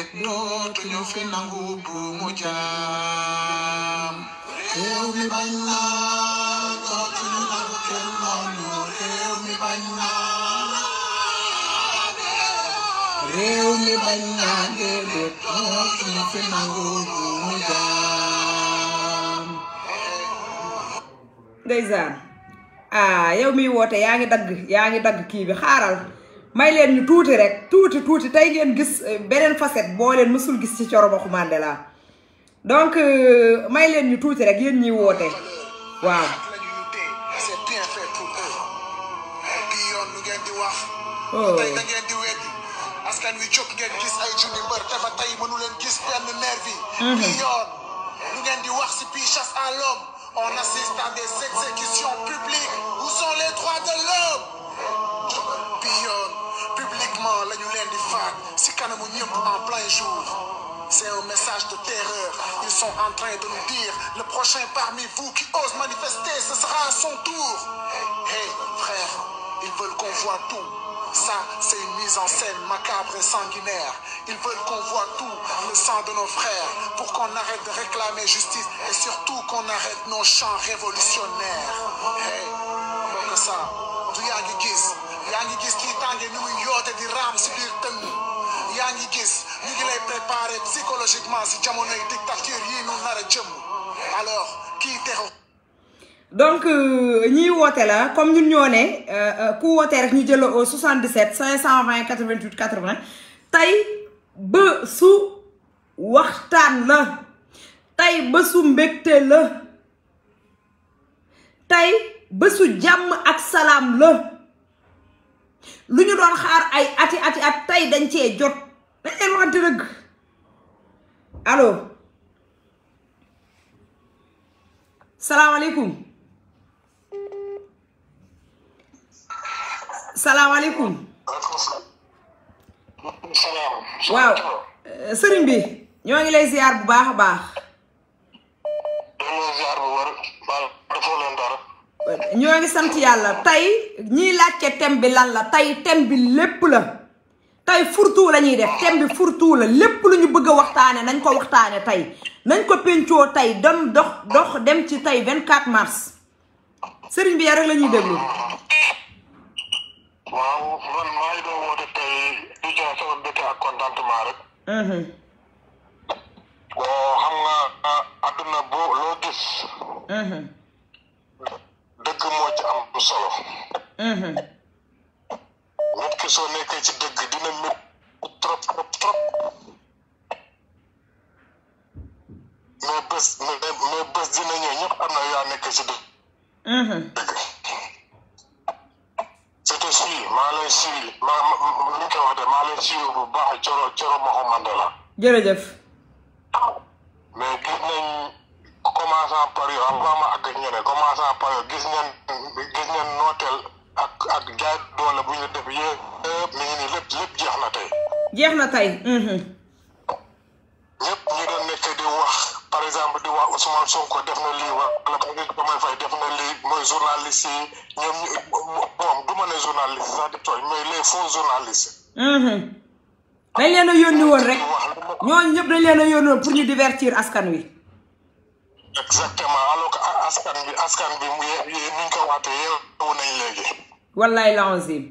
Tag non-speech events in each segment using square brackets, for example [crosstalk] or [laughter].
it dootuñu fi nangu buumu jaam réew mi bañ naa dootuñu nangu kenn noonu réew mi bañ naa réew mi bañ naa déedéet dootuñu fi nangu buumu jaam ndeysaan ah yow mi woote yaa ngi dagg yaa ngi dagg kii bi xaaral may leen ñu tuuti rek tuuti tuuti tey ngeen gis euh, beneen facette boo leen mësul gis ci Coro Maxu Mandela donc euh, may leen ñu tuuti rek yéen ñu woote waaw oh askan wi jóg ngeen gis ay junni mbër dafa tey mënu leen gis benn nervi de l'homme bi yoon kanamu ñëpp en plein jour. C'est un message de terreur. Ils sont en train de nous dire, le prochain parmi vous qui ose manifester, ce sera à son tour. Hey, frère, ils veulent qu'on voit tout. Ça, c'est une mise en scène macabre et sanguinaire. Ils veulent qu'on voit tout, le sang de nos frères, pour qu'on arrête de réclamer justice et surtout qu'on arrête nos chants révolutionnaires. Hey, donc ça, du yaa ngi gis, yaa ngi gis kii tànge ni muy yoote si biir yaa ngi gis ñu ngi lay préparer psychologiquement si jamonoy dictature yii ñu nar jëm alors kii texu donc euh, ñiy woote la comme ñun ñoo ne euh, euh, ku wootee rek ñu jël au 77 520 88 80 tey ba su waxtaan la tey ba su mbégte la tey ba su jàmm ak salaam la lu ñu doon xaar ay ati ati at tey dañ cee jot dañ leen waxante dëgg allo salaamaaleykum salaamaaleykum waaw euh, sëriñ bi ñoo ngi lay ziar bu baax a baax ñoo ngi sant yàlla tey ñiy laajte thème bi lan tey thème bi lépp la tey furtu lañuy def thème bi furtu la lépp lu ñu bëgg a waxtaane nañ ko waxtaane tey nañ ko pencoo tey dem dox dox dem ci tey 24 mars sëriñ bi yaa rek la ñuy déglu. waaw man mhm. xam nga adduna ah, boo loo gis. Mhm. dëgg moo ci am solo. Mhm. nit ki soo nekkee ci dëgg dina mét trop trop trop mais bés mais bés dina ñëw ñëpp xam na yaa nekkee ci dëgg dëgg mm-hmm. c'était sui maa lay suivi maa koy wax de maa lay suivi bu baax coro coro ma xamante la jërëjëf mais gis nañ commençant par yo am ba ma àgg ñu ne commençant par yo gis ngeen gis ngeen nooteel ak ak jaay doole bu ñu def yëpp mi ngi nii lépp lépp jeex na tey. jeex na tey. Mhm. ñëpp ñu doon nekk di wax par exemple di wax Ousmane Sonko def na lii wala Diomaye Faye def na lii mooy journaliste yi ñoom ñu moom du ma ne journaliste mais les faux journalistes. Mhm. dañ leen a yónni woon rek ñooñu ñëpp dañ leen a yónni woon pour ñu divertir askan wi. exactement alors que askan bi askan bi mu ngi ko waatee yeewu nañ léegi. wallaay laazim.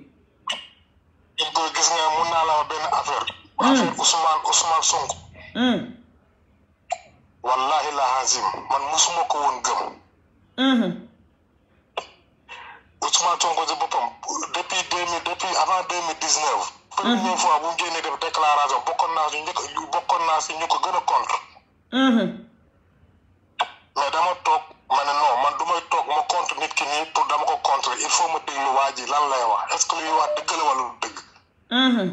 donc gis nga mun naa la wax benn affaire. Hmm. affaire Ousmane Ousmane Sonko. Hmm. wallahi laazim man musuma ko woon gëm. Hmm. Ousmane Sonko ci boppam depuis deux mille depuis avant deux mille dix neuf. première bu mu génnee def déclaration bokkoon naa si ñu ko gën a contre. mais dama toog. ma ne non man du may toog ma contre nit ki nii pour dama ko contre il faut ma déglu waa ji lan lay wax est ce que luy wax dëgg la wala du dëgg. Mm-hmm.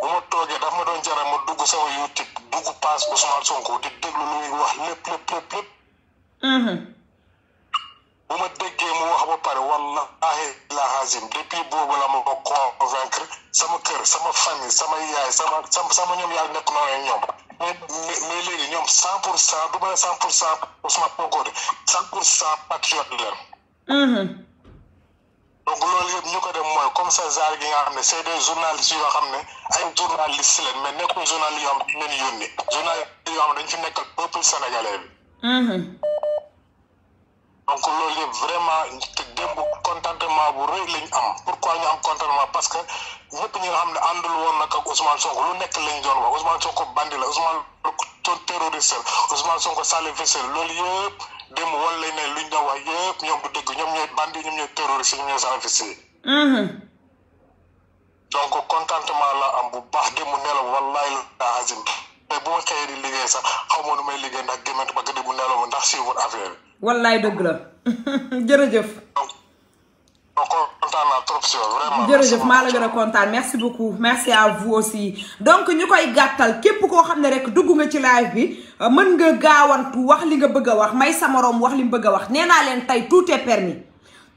bu ma toogee daf ma doon jaral ma dugg sama YouTube dugg paas Ousmane Sonko di déglu lu muy wax lépp lépp lépp lépp. Mm-hmm. bu ma déggee mu wax ba pare wallahi lahazim depuis boobu la ma ko convaincre sama kër sama famille sama yaay sama sama sama ñoom yàlla nekk noonu ñoom mais mais léegi ñoom cent pour cent du ma cent pour cent Ousmane Sonko de cent pour cent patriote leen mm-hmm. donc loolu yëpp ñu ko dem mooy comme ça genre nga xam ne c'est des journalistes yoo xam ne ay journalistes lañ mais nekkul journaliste yoo xam ne dañ leen yónni journaliste yoo xam ne dañ fi nekkal peuple sénégalais bi mm-hmm. donc loolu yëpp vraiment te démb contentement bu rëy lañ am pourquoi ñu am contentement parce que ñëpp ñi xam ne àndul woon nag ak Ousmane Sonko lu nekk lañ doon wax Ousmane Sonko bandi la Ousmane terroriste la Ousmane Sonko salafiste la loolu yëpp démb wan lañ ne luñ doon wax yëpp ñoom du dëgg ñoom ñooy bandi ñoom ñooy terroriste ñoom ñooy salafiste yi mm-hmm. donc contentement la am bu baax démb nelaw wallahi la azim te bu ma xëyee di liggéey sax xaw ma nu may liggéey ndax gémant ba gëdé bu nelaw ndax suivre affaire wallaay dëgg la [laughs] jërëjëf. jërëjëf maa la gën a kontaan merci beaucoup merci à vous aussi donc ñu koy gàttal képp koo xam ne rekk dugg nga ci live bi euh, mën nga gaawantu wax li nga bëgg a wax may sa moroom wax li mu bëgg a wax nee naa leen tey tout est permis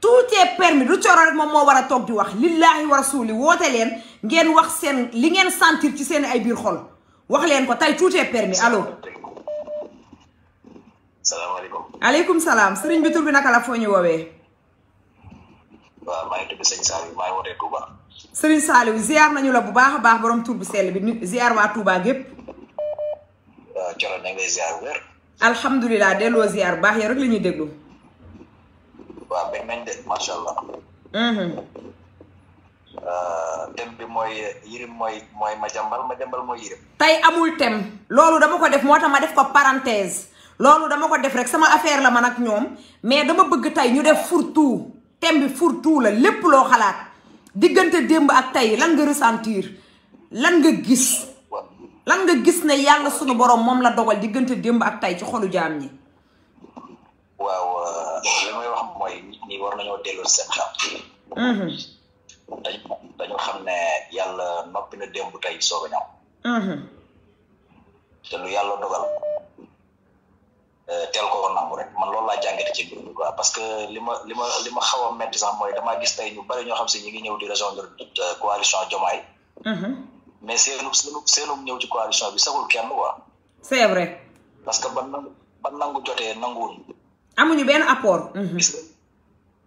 tout est permis du coro rek moom moo war a toog di wax lillaahi wa suuli woote leen ngeen wax seen li ngeen sentir ci seen ay biir xol wax leen ko tey tout est permis allo salaamaaleykum. aleykum salaam sëriñ bi tur bi naka la foo ñu woowee. waaw maa ngi tudd sëñ Saliou maa ngi wootee Touba. sëriñ Saliou ziar nañu la bu baax a baax borom tur bu sell bi nit ziar waa Touba gépp. waaw delloo ziar baax rek la ñuy déglu. waaw benn nañ de macha mhm. euh, bi mooy yirim mooy mooy ma jàmbal ma jàmbal mooy yirim. tey amul tem loolu dama ko def moo tax ma def ko parenthèse. loolu dama ko def rek sama affaire la man ak ñoom mais dama bëgg tay ñu def fourre-tout thème bi tout la lépp loo xalaat diggante démb ak tey lan nga ressentir lan nga gis lan nga gis ne yàlla suñu borom moom la dogal diggante démb ak tey ci xolu jaam ñi. waaw euh, li may wax mooy nit ñi war nañoo dellu seen xam. Mhm. dañu xam ne yàlla noppi na démb tey soog a ñëw. Mhm. te lu yàlla dogal. Euh, teel ko nangu rek man loolu laa jàngate ci mbir mi quoi parce que li ma li ma a métti sax mooy damaa gis tey ñu bari ñoo xam si ñi ngi ñëw di rejoindre euh, coalition Diomaye mm-hmm. mais seenu seenu ñëw ci coalition bi sagul kenn ko c'est vrai parce que ban nangu ban nangu jotee nanguwuñ amuñu benn apport mm-hmm. gis nga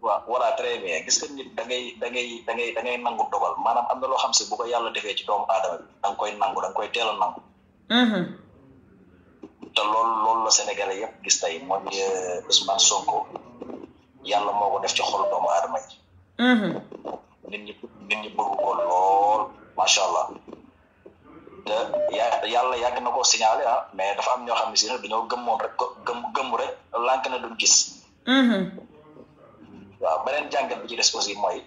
waaw voilà très gis nga nit dangay ngay da ngay da ngay da ngay nangu dogal maanaam am na loo xam si bu ko yàlla defee ci doomu aadama bi da koy nangu da koy teeloo a nangu mm-hmm. te loolu loolu la Sénégalais yëpp gis tey mooy euh, Ousmane Sonko yàlla moo ko def ci xol doomu aadama yi. Mm-hmm. nit ñi nit ñi bëgg ko lool macha allah. te yàlla yàgg na ko signalé a ah, mais dafa am ñoo xam ne si ne dañoo gëm moom rek gëm gëmu rek lànk na duñ gis. Mm-hmm. waaw beneen jàngat bi ci des mooy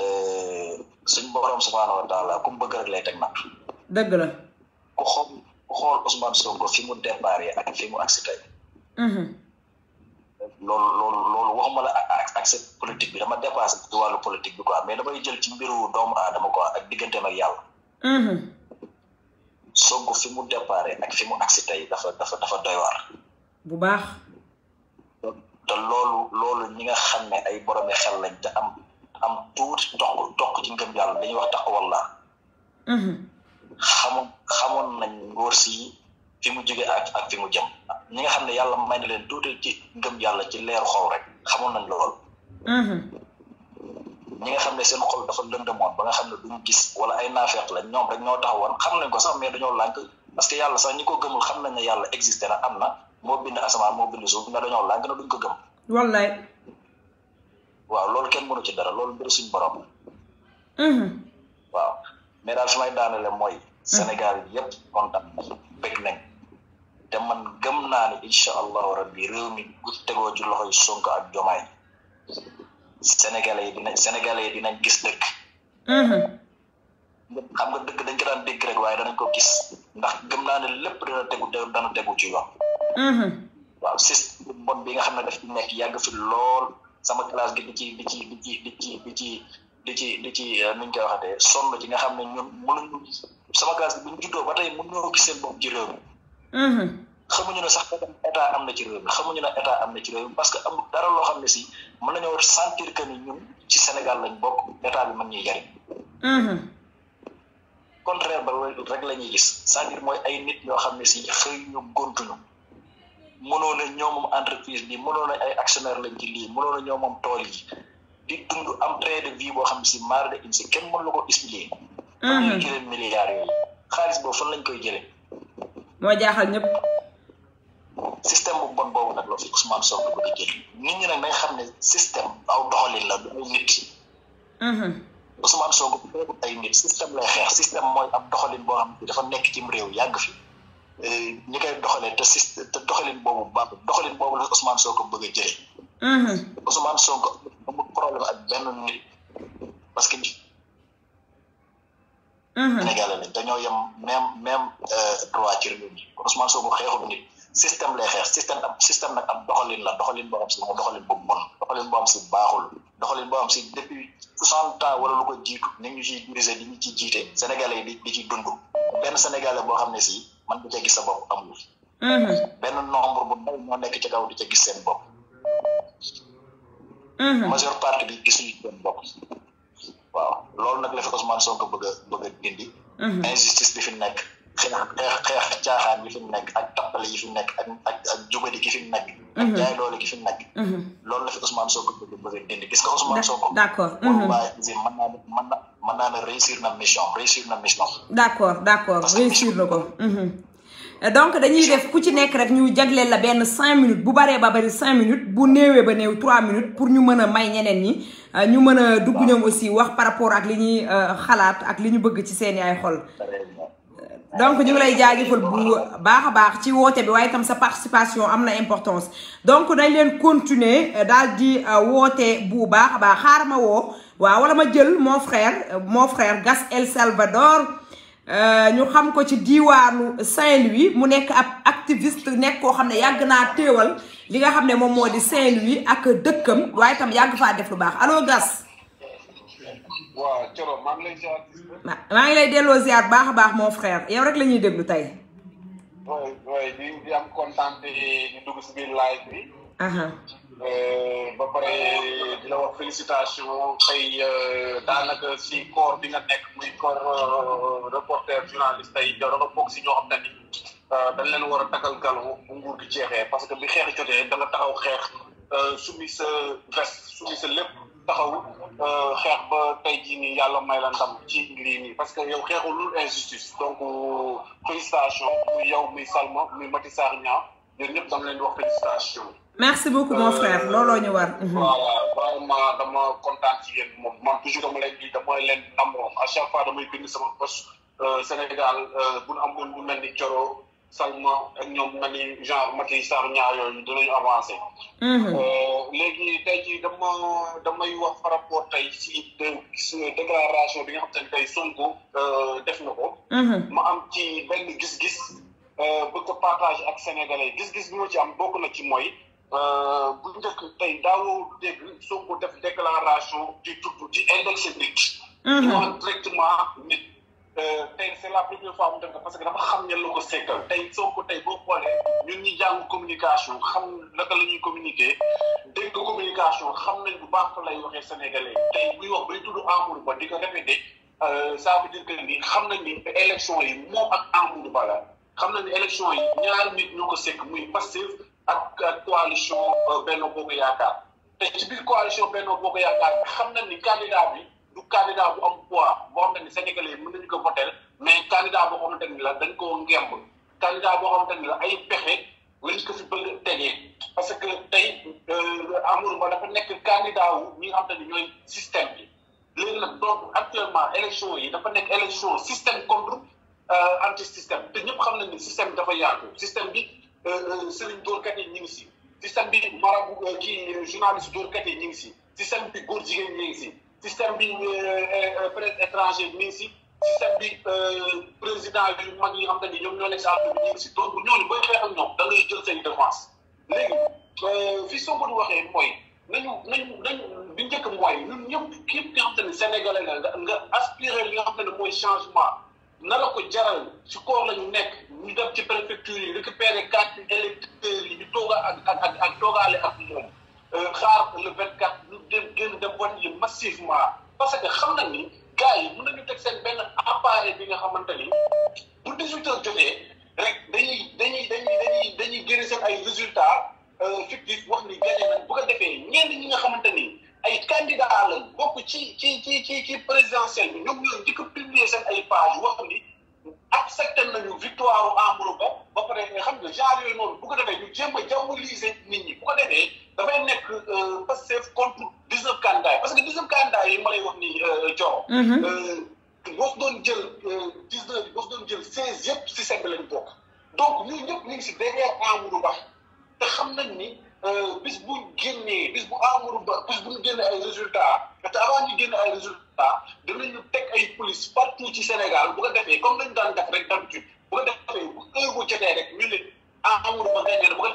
euh, suñ borom subhaanahu wa taala ku mu bëgg rek lay teg nag. dëgg la ku xool Ousmane Sonko fi mu départ ak fi mu agsi mhm. loolu loolu loolu waxuma la accès politique bi dama dépassé ci wàllu politique bi quoi mais damay jël ci mbiru doomu aadama quoi ak digganteem ak yàlla mhm. mu départ ak fi mu agsi tey dafa dafa dafa doy bu baax te loolu loolu ñi nga xam ne ay boromi xel lañ te am am tuuti toq toq ci ngëm yàlla dañuy wax taxawal laa mhm. xamoon xamoon nañ ngóor si fi mu jóge ak ak fi mu jëm ñi nga xam ne yàlla may na leen tuuti ci ngëm yàlla ci leeru xol rek xamoon nañ lool. Mm-hmm. ñi nga xam ne seen xol dafa lëndëmoon ba nga xam ne du duñ gis wala ay naa naafeeq lañ ñoom rek ñoo taxawoon xam nañ ko sax mais dañoo lànk parce que yàlla sax ñi ko gëmul xam nañ ne yàlla existé am na moo bind asamaan moo bind suuf mais dañoo lànk na duñ ko gëm. wallaay. waaw loolu kenn mënu ci dara loolu mbiru suñu borom. Mm-hmm. waaw mais daal su may daanale mooy. Mm-hmm. Sénégal yëpp kontaan bëgg nañ te man gëm naa ne incha allahu rabbi réew mi bu tegoo ci loxoy Sonko ak Jomaay Sénégalais yi dinañ Sénégalais yi dinañ gis dëkk. Mm-hmm. xam nga dëkk dañ ko daan dégg rek waaye danañ ko gis ndax gëm naa ne lépp dana tegu dana tegu ci yoon. Mm-hmm. waaw système bon bi nga xam ne daf ci nekk yàgg fi lool sama classe gi di ci di ci di ci di ci di ci di ci di ci euh, nuñ nga xam ne ñun mënuñu. sama classe bu ñu juddoo ba tey mën ñoo gis seen bopp ci réew mi mhm. xamuñu ne sax état am na ci réew xamuñu ne état am na ci réew mi parce que amul dara loo xam ne si mën nañoo sentir que ni ñun ci Sénégal lañ bokk état bi mën ñuy jariñ mhm. contraire ba rek la ñuy gis cest mooy ay nit yoo xam ne si xëy ñu gontuñu mënoon na ñoo moom entreprise bi mënoon na ay actionnaire lañ ci lii mënoon na ñoo moom tool yi di dund am train de vie boo xam ne si marre de in si kenn mën la ko expliquer fan lañ jëlee milliards yooyu xaalis boobu fan lañ koy jëlee. moo jaaxal ñëpp. système bu bon boobu nag la fi Ousmane Sonko bëgg a jël nit ñi nag nañ xam ne système aw doxalin la du ay nit. Ousmane Sonko boobu ay nit système lay xeex système mooy ab doxalin boo xam ne dafa nekk ci réew yàgg fi. Euh, ñi koy doxalee te système te doxalin boobu baax doxalin boobu la Ousmane Sonko bëgg a jëlee. Ousmane Sonko amul problème ak benn nit parce que. Mhm. Sénégalais lañ dañoo yem même même euh, droit ci réew mi Ousmane Sonko xeexul nit système lay xeex système ab système nag ab doxalin la doxalin boo xam si moom doxalin bu bon doxalin boo xam si baaxul doxalin boo xam si depuis soixante ans wala lu ko jiitu ni ñu ciy diriger di ñu ciy jiite Sénégalais yi di di ci dund benn Sénégalais boo xam ne si man du ca gis sa bopp amul mhm. benn nombre bu ndaw moo nekk ci kaw di ca gis seen bopp mhm. majeure partie bi gisuñu seen bopp waaw loolu nag la fi Ousmane Sonko bëgg a bëgg a dindi. Mhm. injustice bi fi nekk xeex xeex caaxaan bi fi nekk ak tappale yi fi nekk ak ak ak jubadi gi fi nekk. ak mhm. jaay doole mhm. loolu la fi Ousmane Sonko bëgg bëgg a dindi gis nga Ousmane Sonko. d' accord moom waa mën naa mën na mën naa ne réussir na mission réussir na mission. réussir na ko. donc dañuy def ku ci nekk rek ñu jagleel la benn cinq minutes bu baree ba bari cinq minutes bu néewee ba néew trois minutes pour ñu mën a may ñeneen ñi. Euh, ñu mën a dugg ñoom aussi wax par rapport ak li ñuy euh, xalaat ak li ñu bëgg ci seen ay xol. donc ñu ngi lay jaajëfal bu baax a baax ci woote bi waaye itam sa participation am na importance donc dañ leen continuer euh, daal di woote bu baax a baax xaar ma woo waa wala ma jël mon frère mon frère Gas El Salvador ñu xam ko ci diiwaanu Saint-Louis mu nekk ab activiste nekk koo xam ne yàgg naa teewal li nga xam ne moom moo di Saint-Louis ak dëkkam waaye tam yàgg faa def lu baax allo Gass. waaw Thioro maa ngi lay ziar. maa ngi lay delloo ziar baax a baax moo frère yow rek la ñuy déglu tey. oui am kontaan di dugg si biir bi. Euh, ba pare di la wax félicitation tey euh, daanaka si corps bi nga nekk muy corps euh, reporter journaliste tey Thioro nga bokk si ñoo xam ne Euh, dañ leen war a takkal galon bu nguur gi jeexee parce que bi xeex jotee da taxaw xeex euh, sumi sa veste sumi sa lépp taxaw euh, xeex ba tey jii nii yàlla may la ndam ci lii nii parce que yow xeexul lul injustice donc félicitation muy yow muy Salma muy Mati Sarr Niang yéen ñëpp dama leen di wax félicitation merci beaucoup mon frère looloo ñu war. voilà vraiment dama kontaan ci yéen moom man toujours dama leen di dama leen namoo à chaque fois damay bind sama poste Sénégal bu nu bu mel ni Coro. Salma ak ñoom mel ni genre Macky Sarr ñaar yooyu dinañu avancé. Mhm. Euh, léegi tey jii dama damay wax rapport tey si déclaration bi nga xam te ne tey Sonko euh, def na ko. Mhm. ma am ci benn gis-gis euh, bëgg ko partage ak sénégalais gis-gis bi ma ci am bokk na ci mooy. bu njëkk tey daawoo dégg Sonko def déclaration mhm. di tudd di indexé nit. directement nit. tey c'est la première fois mu dem parce que dafa xam ñan la ko sekkal tey Sonko tey boo xoolee ñun ñi jàng communication xam naka la ñuy communiquer dégg communication xam nañ bu baax fa lay waxee sénégalais tey buy wax bay tudd Amadou Ba di ko répété euh, ça veut dire que ni xam nañ ni élection yi moom ak Amadou Ba la xam nañ ni élection yi ñaari nit ñoo ko sekk muy Pastef ak ak coalition euh, Benno Bokk Yaakaar tey ci biir coalition Benno Bokk Yaakaar xam nañ ni candidat bi. du candidat bu am poids boo xamante ni Sénégalais yi mën nañu ko voter mais candidat boo xamante ni la dañ koo ngemb candidat boo xamante ni la ay pexe lañ ko fi bëgg a tegee parce que tey euh, Amadou Ba dafa nekk candidat wu ñi nga xamante système bi léegi nag donc actuellement élection yi dafa nekk élection système contre euh, anti système te ñëpp xam nañ ni système dafa yaatu système bi euh, sëriñ dóorkat yi ñu ngi si système bi marabu kii journaliste dóorkat yi ñu ngi si système bi góor jigéen ñi si système bi euh, euh, euh, presse étrangère mi ngi si système bi président yu mag yi nga xam ne ñoom ñoo nekk si àll bi ñu ngi si donc ñooñu booy xeex ñoom da ngay jël seen défense léegi fi soo ko waxee mooy nañu nañu nañu bi njëkk mooy ñun ñëpp képp nga xam te ne sénégalais la nga nga aspiré nga xam te ne mooy changement na la ko jaral si koor la ñu nekk ñu dem ci préfecture yi récupérer carte électeur yi ñu tooga ak ak ak toogaale ak moom. Euh, xaar le 24 ñu dem génn dem vote yi massivement parce que xam nañ ni gars yi na ñu teg seen benn appareil bi nga xamante ni bu 18 heures jotee rek dañuy dañuy dañuy dañuy dañuy génne seen ay résultats euh, fictifs wax ni gagné nañ bu ko defee ñenn ñi nga xamante ni ay candidats la bokk ci ci ci ci ci présidentiel bi ñoom ñoo njëkk a publier seen ay page wax ni. accepté nañu victoire u Amadou Ba ba pare xam nga genre yooyu noonu bu ko defee ñu jéem a diaboliser nit ñi bu ko defee dafay nekk euh, Pastef contre dix-neuf candidats yi parce que dix-neuf candidats yi ma lay wax ni Dior. Euh, mhm. euh, boo si doon jël dix-neuf yi boo si doon jël seize yëpp si seen bi lañ bokk donc ñun ñëpp ñu ngi si derrière Amadou Ba te xam nañ ni bis bu génnee bis bu Amadou Ba bis bu ñu génnee ay résultats te avant ñu génne ay résultats. pas danañu teg ay police partout ci Sénégal bu ko defee comme dañu daan def rek d'habitude bu ko defee bu heure bu jotee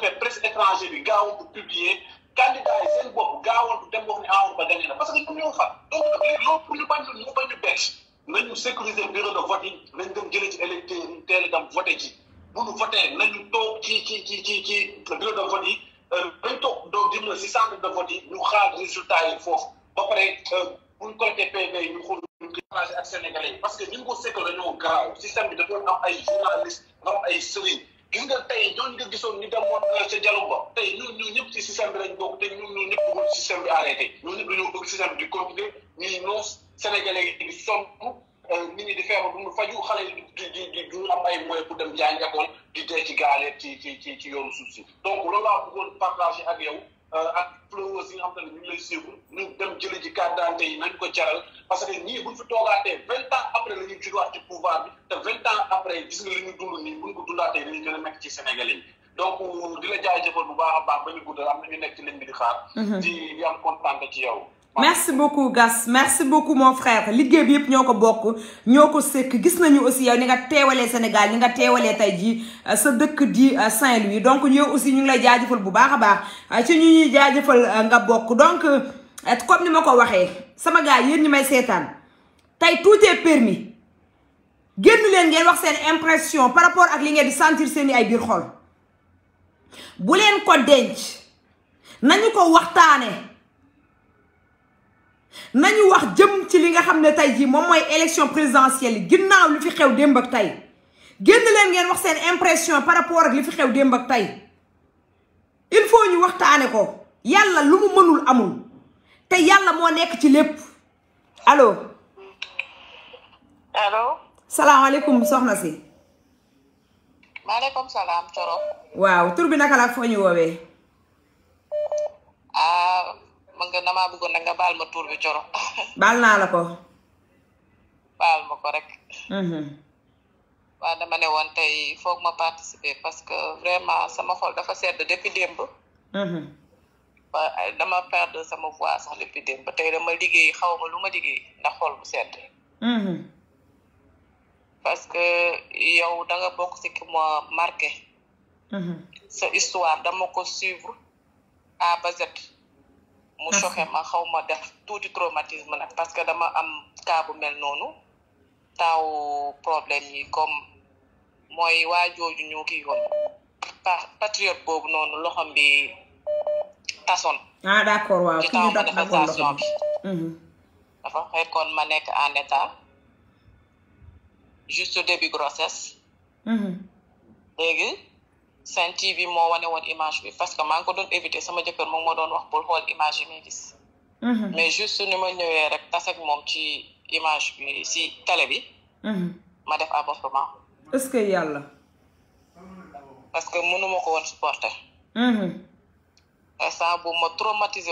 defee presse étranger bi gaawantu publier candidat yi seen bopp gaawantu dem wax ne Amadou Ba gagné na parce que ñun ñoo fa donc léegi loolu pour ñu bañ ñu bañ ñu bett nañu sécuriser de vote dem jëlee ci électeur yi teel a dem voté ji bu ñu voté nañu toog ci ci ci ci ci bureau de vote euh, toog doog jëm na si centre de vote yi ñu xaar yi foofu ba pare. Euh, buñ collecté PV ñu xool ñu partagé ak sénégalais yi parce que ñu ngi ko sekkal dañoo gaaw système bi dafa am ay journaliste nga am ay sëriñ gis nga tey ñooñu nga gisoon ñu demoon euh, ca dialogue ba tey ñun ñu ñëpp ci système bi lañ bokk te ñun ñu ñëpp bëggul système bi arrêté ñun ñëpp dañoo bëgg système bi di continuer ñuy noos sénégalais yi di sonn euh, nit ñi di feebar ñu faju xale yi di di di du am ay moyens pour dem jàngi école di dee ci gaale ci ci ci ci yoonu suuf si donc loolu laa bëggoon partagé ak yow Euh, ak followers yi nga xam ne ñu ngi lay suivre ñu dem jëli ji carte d'identité yi nañ ko jaral parce que ñii buñ fi toogaatee vingt ans après la ñuy jugaat ci pouvoir bi te vingt ans après gis nga li ñu nii buñ ko dundaatee dañuy gën a nekk ci Sénégal yi donc di la jaay jëfal bu baax a baax ba ñu guddal am na ñu nekk ci ligne di xaar. di mhm. di am kontaan ci yow. merci beaucoup Gas merci beaucoup mon frère liggéey bi yëpp ñoo ko bokk ñoo ko sëkk gis nañu aussi yow ni nga teewalee Sénégal ni nga teewalee tey jii euh, sa dëkk di euh, Saint-Louis donc yow aussi ñu ngi lay jaajëfal bu baax a baax euh, ci ñu ñuy jaajëfal nga bokk donc comme ni ma ko waxee sama gars yéen ñi may seetaan tey tout est permis génn leen ngeen wax seen impression par rapport ak li ngeen di sentir seen i ay biir xol bu leen ko denc nañu ko waxtaane nañu wax jëm ci li nga xam ne tey jii moom mooy élection présidentielle yi ginnaaw li fi xew démb ak tay génn leen ngeen wax seen impression par rapport ak li fi xew démb ak tey il faut ñu waxtaane ko yàlla lu mu mënul amul te yàlla moo nekk ci lépp allo. allo. salaamaaleykum soxna si. maaleykum salaam waaw tur bi naka la foo ñu woowee. Ah, ma nga damaa bëggoon nag nga baal ma tuur bi coro [laughs] baal naa la ko baal ma ko rek mhm. waaw dama ne woon tey foog ma participer parce que vraiment sama xool dafa sedd depuis démb waaw mhm. dama perdre sama voix sax depuis démb tey dama liggéey xaw ma lu ma liggéey ndax xool bu sedd mhm. parce que yow danga bokk ci ki ma marqué histoire dama ko suivre A ba mu choqué ma xaw ma def tuuti traumatisme nag parce que dama am cas bu mel noonu taaw problème yi comme mooy waa jooju ñu kii woon patriote boobu noonu loxom bi tasoon ah d'accord waaw ci taw manifestation bi mhm. dafa fekkoon ma nekk en état juste début grossesse mhm. léegi Sen TV moo wane woon image bi parce que maa ngi ko doon éviter sama jëkkër moom moo doon wax pour xool image yi may mm-hmm. mais juste ni ma ñëwee rek taseeg moom ci image bi si télé bi. Mm-hmm. ma def avortement. est-ce que yàlla. parce que mënu ma ko woon supporter. Mm-hmm. instant bu ma traumatisé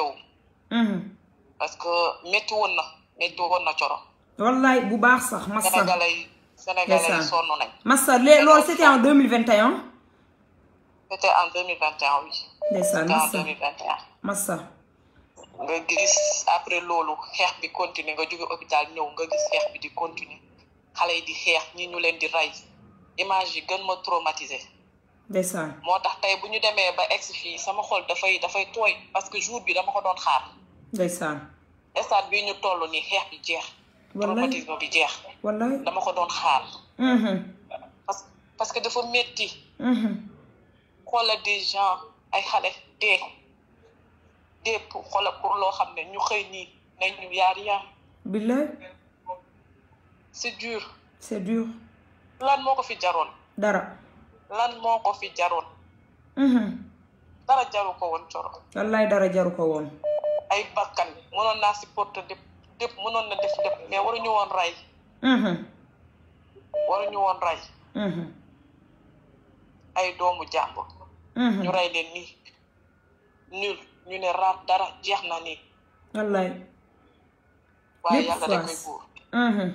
parce que métti woon na métti woon na coro. wallaay bu baax sax Massa Sénégalais yi nañ. Massa loolu c'était en c'était en 2021 oui. ndeysaan massa c'était en 2021. massa. nga gis après loolu xeex bi continuer nga jóge hôpital ñëw nga gis xeex bi di continuer xale yi di xeex ñi ñu leen di rey image yi gën ma traumatisé. ndeysaan moo tax tey bu ñu demee ba egg fii sama xol dafay dafay tooy parce que jour bi dama ko doon xaar. ndeysaan. stade bi ñu toll nii xeex bi jeex. wallaay traumatisme bi jeex. wallaay dama ko doon xaar. Mm-hmm. parce que dafa métti. Mm-hmm. xoola de gens ay xale dee dee pour xoola pour loo xam ne ñu xëy nii nañu yaa rien billaay c'est dur c'est dur lan moo ko fi jaroon dara lan moo ko fi jaroon mm-hmm. dara jaru ko woon coro wallaay dara jaru ko woon ay bakkan mënoon naa supporter dépp dëpp mënoon na def dépp mais waruñu woon rey mm-hmm. waruñu woon rey mm-hmm. ay doomu jàmbur Mhm. ñu rey leen nii nul ñu ne raat dara jeex na nii wallaay waaye yàlla de koy buur mhm.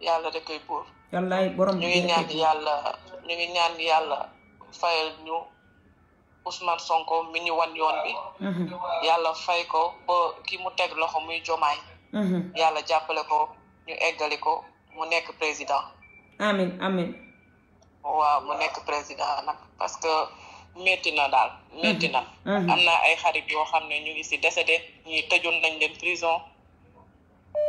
yàlla da borom ñu ngi ñaan yàlla ñu ngi ñaan yàlla fayal ñu Ousmane Sonko mi ñu wan yoon bi mhm. yàlla fay ko ba ki mu teg loxo muy jomaay yàlla jàppale ko ñu eggali ko mu nekk président amin amin waaw mu nekk président nag parce que métti na daal métti na mm-hmm. Mm-hmm. am na ay xarit yoo xam ne ñu ngi si décédé ñii tëjoon nañ leen prison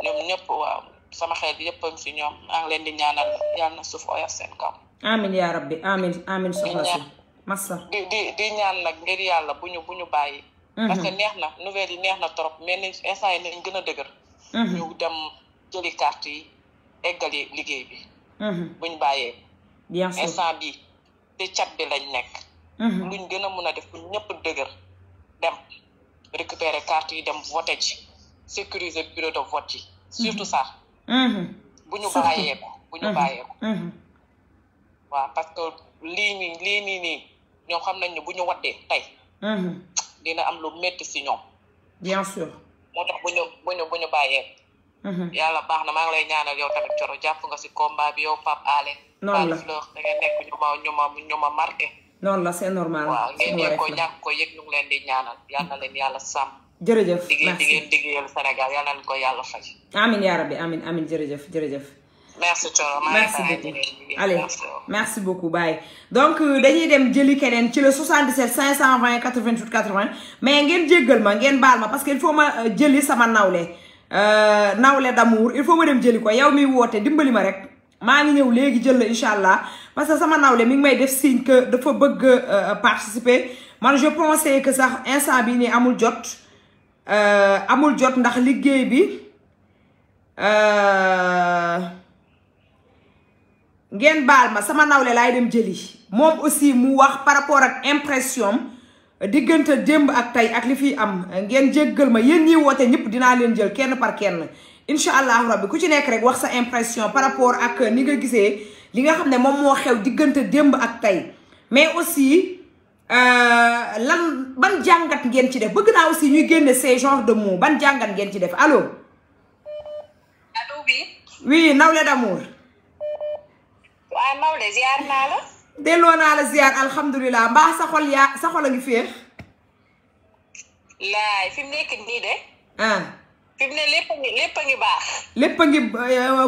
ñoom ñëpp waaw sama xel yëppam si ñoom maa leen di ñaanal yàlla na suuf oyof seen kaw amin yaa di di ñaan nag ngir yàlla bu ñu bu ñu bàyyi mm-hmm. neex na nouvelle yi neex na trop mais nañ instant yi nañ gën a dëgër ñu dem jëli carte yi eggali liggéey bi buñ bàyyee bien sûr bi bii te cat bi lañ nekk. Mhm. luñ gën a mën a def bu ñëpp dëgër dem récupérer carte yi dem voté ji sécuriser bureau de vote yi. Mhm. surtout ça. Mhm. bu ñu bàyyee ko bu waaw parce que lii nii lii nii nii ñoom xam nañ ne bu ñu waddee tey. dina am lu métti si ñoom. bien sûr. moo tax bu ñu bu bàyyee. Mhm. yàlla baax na maa ngi lay ñaanal yow tamit coro jàpp nga si combat bi yow Pape Alé. noonu la fleur da ngeen nekk ñu ma la c'est normal. waaw ngeen ko ñàkk ko yëg ñu ngi leen di ñaanal yal na leen yàlla sàmm. jërëjëf merci liggéey liggéey liggéeyal Sénégal yal na leen ko yàlla faj. amiin yaa rabbi amiin amiin jërëjëf jërëjëf. merci Thioro maa merci beaucoup bye. donc euh, dañuy dem jëli keneen ci le 77 520 88 80 mais ngeen jéggal ma ngeen baal ma parce que il faut ma euh, jëli sama nawle Euh, nawle d'amour il faut ma dem jëli ko yow mi woote dimbali ma rek maa ngi ñëw léegi jël la incha allah parce que sama nawle mi ngi may def signe que dafa bëgg euh, participer man je pensais que sax instant bi nii amul jot euh, amul jot ndax liggéey bi ngeen baal ma sama nawle laay dem jëli moom aussi mu wax par rapport ak impression diggante démb ak tey ak li fiy am ngeen jéggal ma yéen ñiy woote ñëpp dinaa leen jël kenn par kenn incha allahu rabbi ku ci nekk rek wax sa impression par rapport ak euh, ni nga gisee li nga xam ne moom moo xew diggante démb ak tey mais aussi euh, lan ban jàngat ngeen ci def bëgg naa aussi ñuy génne ces genres de mots ban jàngat ngeen ci def allo. allo bi. oui Nawlé Damour. waaw naa la. delloo naa la ziar alhamdulilah mbaa sa xol yaa sa xol a ngi féex. laay fi nekk nii de. ah. ne lépp a ngi lépp a ngi baax. lépp a ngi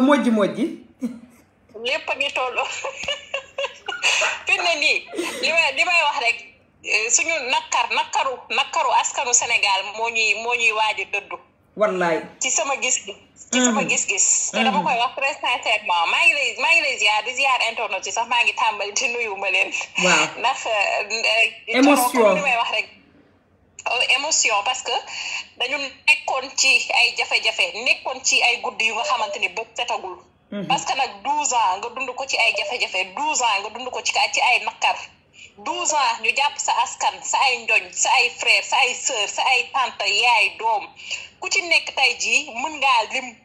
mojji euh, mojji. lépp a ngi tolloo [laughs] fi mu ne nii li may li may wax rek euh, suñu naqar naqaru naqaru askanu Sénégal moo ñuy moo ñuy waaj a dëddu. wallaay ci sama gis gi ci mm. sama gis-gis te mm. dama koy wax très sincèrement maa ngi lay maa ngi lay ziar di ziar internet yi sax maa ngi tàmbali di nuyu ma leen waaw [laughs] ndax euh, euh, émotion li may wax rek oh, émotion parce que dañu nekkoon ci ay jafe-jafe nekkoon ci ay guddi yu nga xamante ni bët setagul mm-hmm. parce que nag douze ans nga dund ko ci ay jafe-jafe douze ans nga dund ko ci ci ay naqar douze ans ñu jàpp sa askan sa ay njoñ sa ay frère sa ay sœur sa ay tante yaay doom ku ci nekk tey jii mën ngaa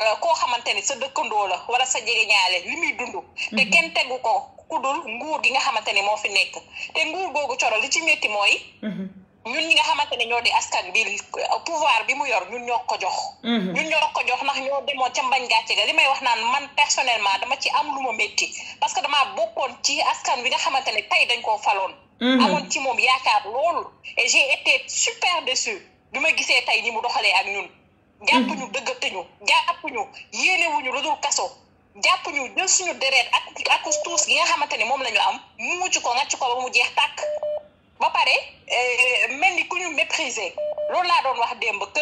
Euh, koo xamante ni sa dëkkandoo la wala sa jege ñaale li muy dund te mhm. kenn tegu ko ku dul nguur gi nga xamante ni moo fi nekk te nguur googu coro li ci métti mooy mhm. ñun ñi nga xamante ne ñoo di askan bi euh, pouvoir bi mu yor ñun ñoo ko jox mhm. ñun ñoo ko jox ndax ñoo demoon ca mbañ gàcce ga li may wax naan man personnellement dama ci am lu ma métti parce que damaa bokkoon ci askan bi nga xamante ne tey dañ koo faloon amoon ci moom yaakaar loolu et j'ai été super déçu bi ma gisee tey ñi mu doxalee ak ñun Mm. ñu jàppuñu dëggatuñu jàppuñu yéenewuñu lu dul kaso jàppuñu jël suñu dereet ak ak tuus gi nga xamante ne moom lañu am mu mucc ko ngàcc ko ba mu jeex tàkk ba pare eh, mel ni ku ñu mépriser loolu laa doon wax démb que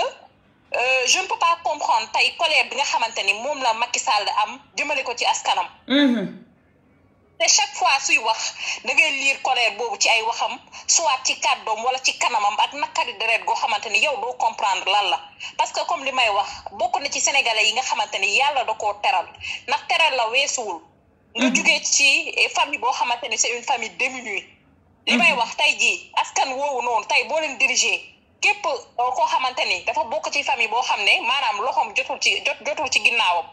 euh, je ne peux pas comprendre tey collège bi nga xamante ni moom la Macky Sall am jëmale ko ci askanam. Mm-hmm. te chaque fois suy wax da ngay liir colère boobu ci ay waxam soit ci kàddoom wala ci kanamam ak naqari deret goo xamante ni yow doo comprendre lan la parce que comme li may wax bokk na ci sénégalais yi nga xamante ni yàlla da koo teral ndax teral la weesuwul nga mm-hmm. jugee ci famille boo xamante ni c'est une famille démunie li mm-hmm. may wax tey jii askan woowu noonu tey boo leen diriger képp koo xamante ni dafa bokk ci famille boo xam ne maanaam loxoom jotul ci jot jotul ci ginnaawam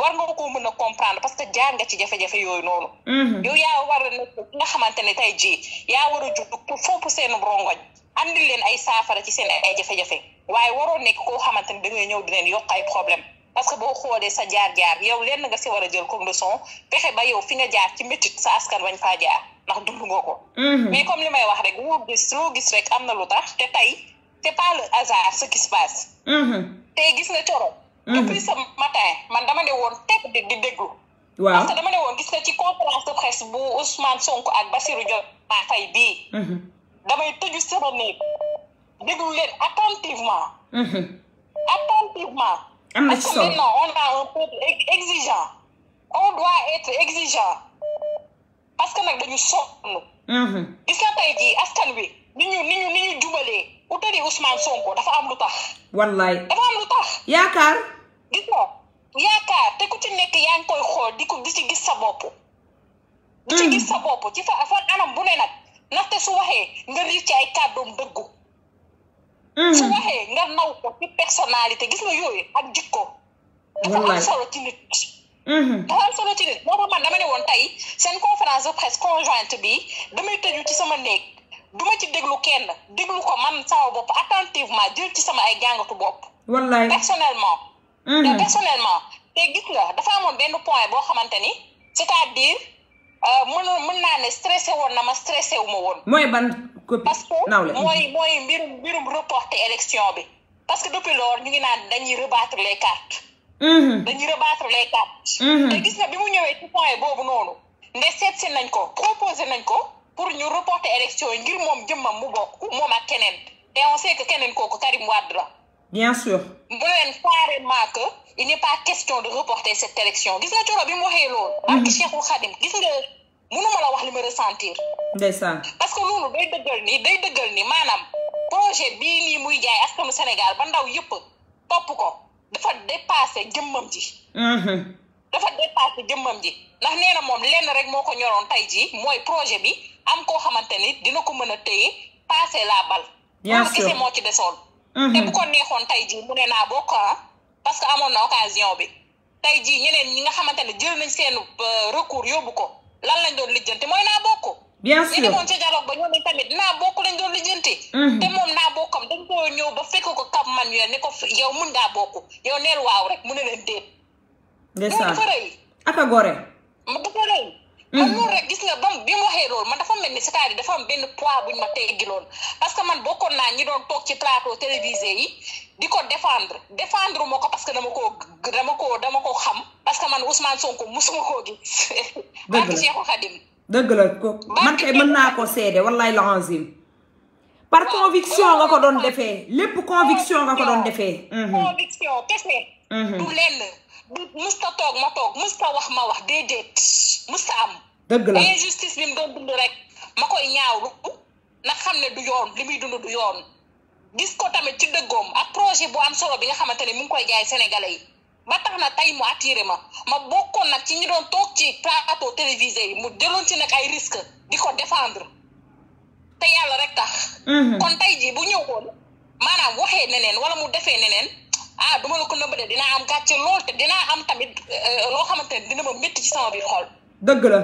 war nga koo mën a comprendre parce que jaar nga ci jafe-jafe yooyu noonu. Mm-hmm. yow yaa war a nekk nga xamante ne tey jii yaa war a jug foofu seen rongoñ andil leen ay saafara ci seen ay jafe-jafe waaye waroon nekk koo xamante ni da ngay ñëw di leen yokk ay problème parce que boo xoolee sa jaar-jaar yow leen nga si war a jël comme leçon pexe ba yow fi nga jaar ci métit sa askan wañ faa jaar ndax dund nga ko. Mm-hmm. mais comme rek woo gis loo gis rek am na lu tax te tey. c'est pas le hasard te qui se passe. Mm-hmm. tey gis nga Coro. Mm-hmm. matin man dama ne woon teg di déglu. waaw parce que dama ne woon gis nga ci conférence de presse bu Ousmane Sonko ak Bassirou Diomaye Faye bii. Mm-hmm. damay tëju sama néeg déglu leen attentivement. attentivement. am na on a un peuple exigeant. on doit être exigeant. parce que nag dañu sonn. gis nga tey jii ni ni ni ñu ku tëri Ousmane Sonko dafa am lu tax. wallaay dafa am lu tax. yaakaar. gis nga yaakaar te ku ci nekk yaa koy xool di ko di ci gis sa bopp. di ci hmm. gis fa anam bu ne nag ndaxte su waxee nga riir ci ay kàddoom dëggu. Hmm. su naw ko ci personnalité gis nga yooy ak jikko. wallaay dafa am solo ci nit. Hmm. dafa am solo ci nit boobu man dama ne woon tey seen conférence de presse conjointe bi damay tëju ci sama néeg. du ma ci déglu kenn déglu ko man sama bopp attentivement jël ci sama ay jàngatu bopp. wallaay personnellement. te mhm. personnellement te gis nga dafa amoon benn point boo xamante ni c'est-à-dire euh, mënoo mën naa ne stressé woon na ma stressé wu ma woon. mooy ban copie parce que mooy mooy mbirum mbirum reporté élection bi parce que depuis loolu ñu ngi naan dañuy rebattre les cartes. Mhm. dañuy rebattre les cartes. Mhm. te gis nga bi mu ñëwee ci point boobu noonu. nde seet si nañ ko proposé nañ ko. pour ñu reporter élection yi ngir moom jëmmam mu bokk moom ak keneen te on sait keneen kooku Karim Wade la. bien sûr. mu leen carrément que il n'est pas question de reporter cette élection gis nga coro bi mu waxee loolu. Mm-hmm. barke Cheikhul Khadim gis nga mënuma la wax li ma ressentir. ndeysaan. loolu day dëggal ni day dëggal ni maanaam projet bii nii muy jaay askanu Sénégal ba ndaw yëpp topp ko dafa dépassé jëmmam ci dafa dépassé jëmmam ji ndax nee na moom lenn rek moo ko ñoroon tey jii mooy projet bi am koo xamante ni dina ko mën a téye passé la balle. moo ci desoon. Mhm. neexoon tey jii mu ne naa bokk ah, parce que amoon na bi tey jii ñeneen ñi nga xamante ne jël nañ seen euh, recours yóbbu ko lan lañ doon lijjanti mooy naa bokk. bien sûr ñu demoon ca dialogue ba tamit naa bokk lañ doon lijjanti. Mhm. te naa bokkam dañ ñëw ba fekk ko Cap Manuel ne ko yow mun ngaa bokk yow neel waaw rek mu ne leen déet. ndeysaan aka gore ma dafa man loolu rek gis nga bam bi mu waxee loolu man dafa mel ni cest à dafa am benn poids buñ ma teggiloon parce que man bokkoon naa ñi doon toog ci plateau télévisé yi di ko défendre défendre ma ko parce que dama koo dama koo dama ko xam parce que man Ousmane Sonko musuma koo gis barke Cheikhou Khadim dëgg la ko man kay mën naa ko seede wallaay laxansim par conviction nga ko doon defee lépp conviction nga ko doon defee conviction kese mm-hmm. du lenn ta toog ma toog mësta wax ma wax déedéet mësta am. dëgg la injustice bi mu doon dund rek ma koy ñaawlu na xam ne du yoon li muy dund du yoon. gis ko tamit ci dëggoom ak projet bu am solo bi nga xamante ne mu ngi koy jaay sénégalais yi ba tax na tey mu attiré ma ma bokkoon nag ci ñi doon toog ci plateau télévisé yi mu jëloon ci nag ay risque di ko défendre te yàlla rek tax. Mhm. kon tey jii bu ñëw woon maanaam waxee neneen wala mu defee neneen. ah duma la ko nëbb de dinaa am gàcce lool te dinaa am tamit euh, loo xamante ne dina ma metti ci sama bi xol. dëgg la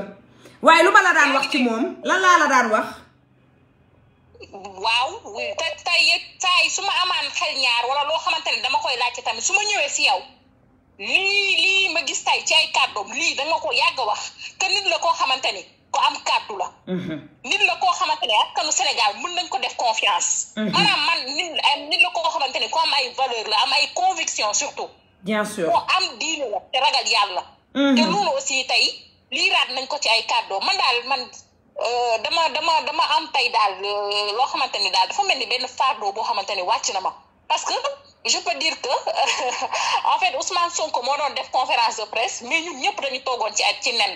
waaye lu ma daan wax ci moom lan laa la daan wax. waaw te saay tay su ma amaan xel ñaar wala loo xamante ne dama koy laajte tamit su ma ñëwee si yow lii lii ma gis tay ci ay kàddoom lii da ko yàgg wax te nit la koo xamante ni. ku am kàddu la mm-hmm. nit la koo xamante ne askanu Sénégal mën nañ ko def confiance mm-hmm. maanaam man nit eh, nit la koo xamante ne ku am ay valeur la am ay conviction surtout bien sûr ku am diine la te ragal yàlla mm-hmm. te loolu aussi tey liiraat nañ ko ci ay kàddoo man daal man euh, dama dama dama am tey daal euh, loo xamante ni daal dafa mel ni benn fardeau boo xamante ni wàcc na ma parce que je peux dire que [laughs] en fait Ousmane Sonko moo doon def conférence de presse mais ñun ñëpp dañu toogoon ci at ci nen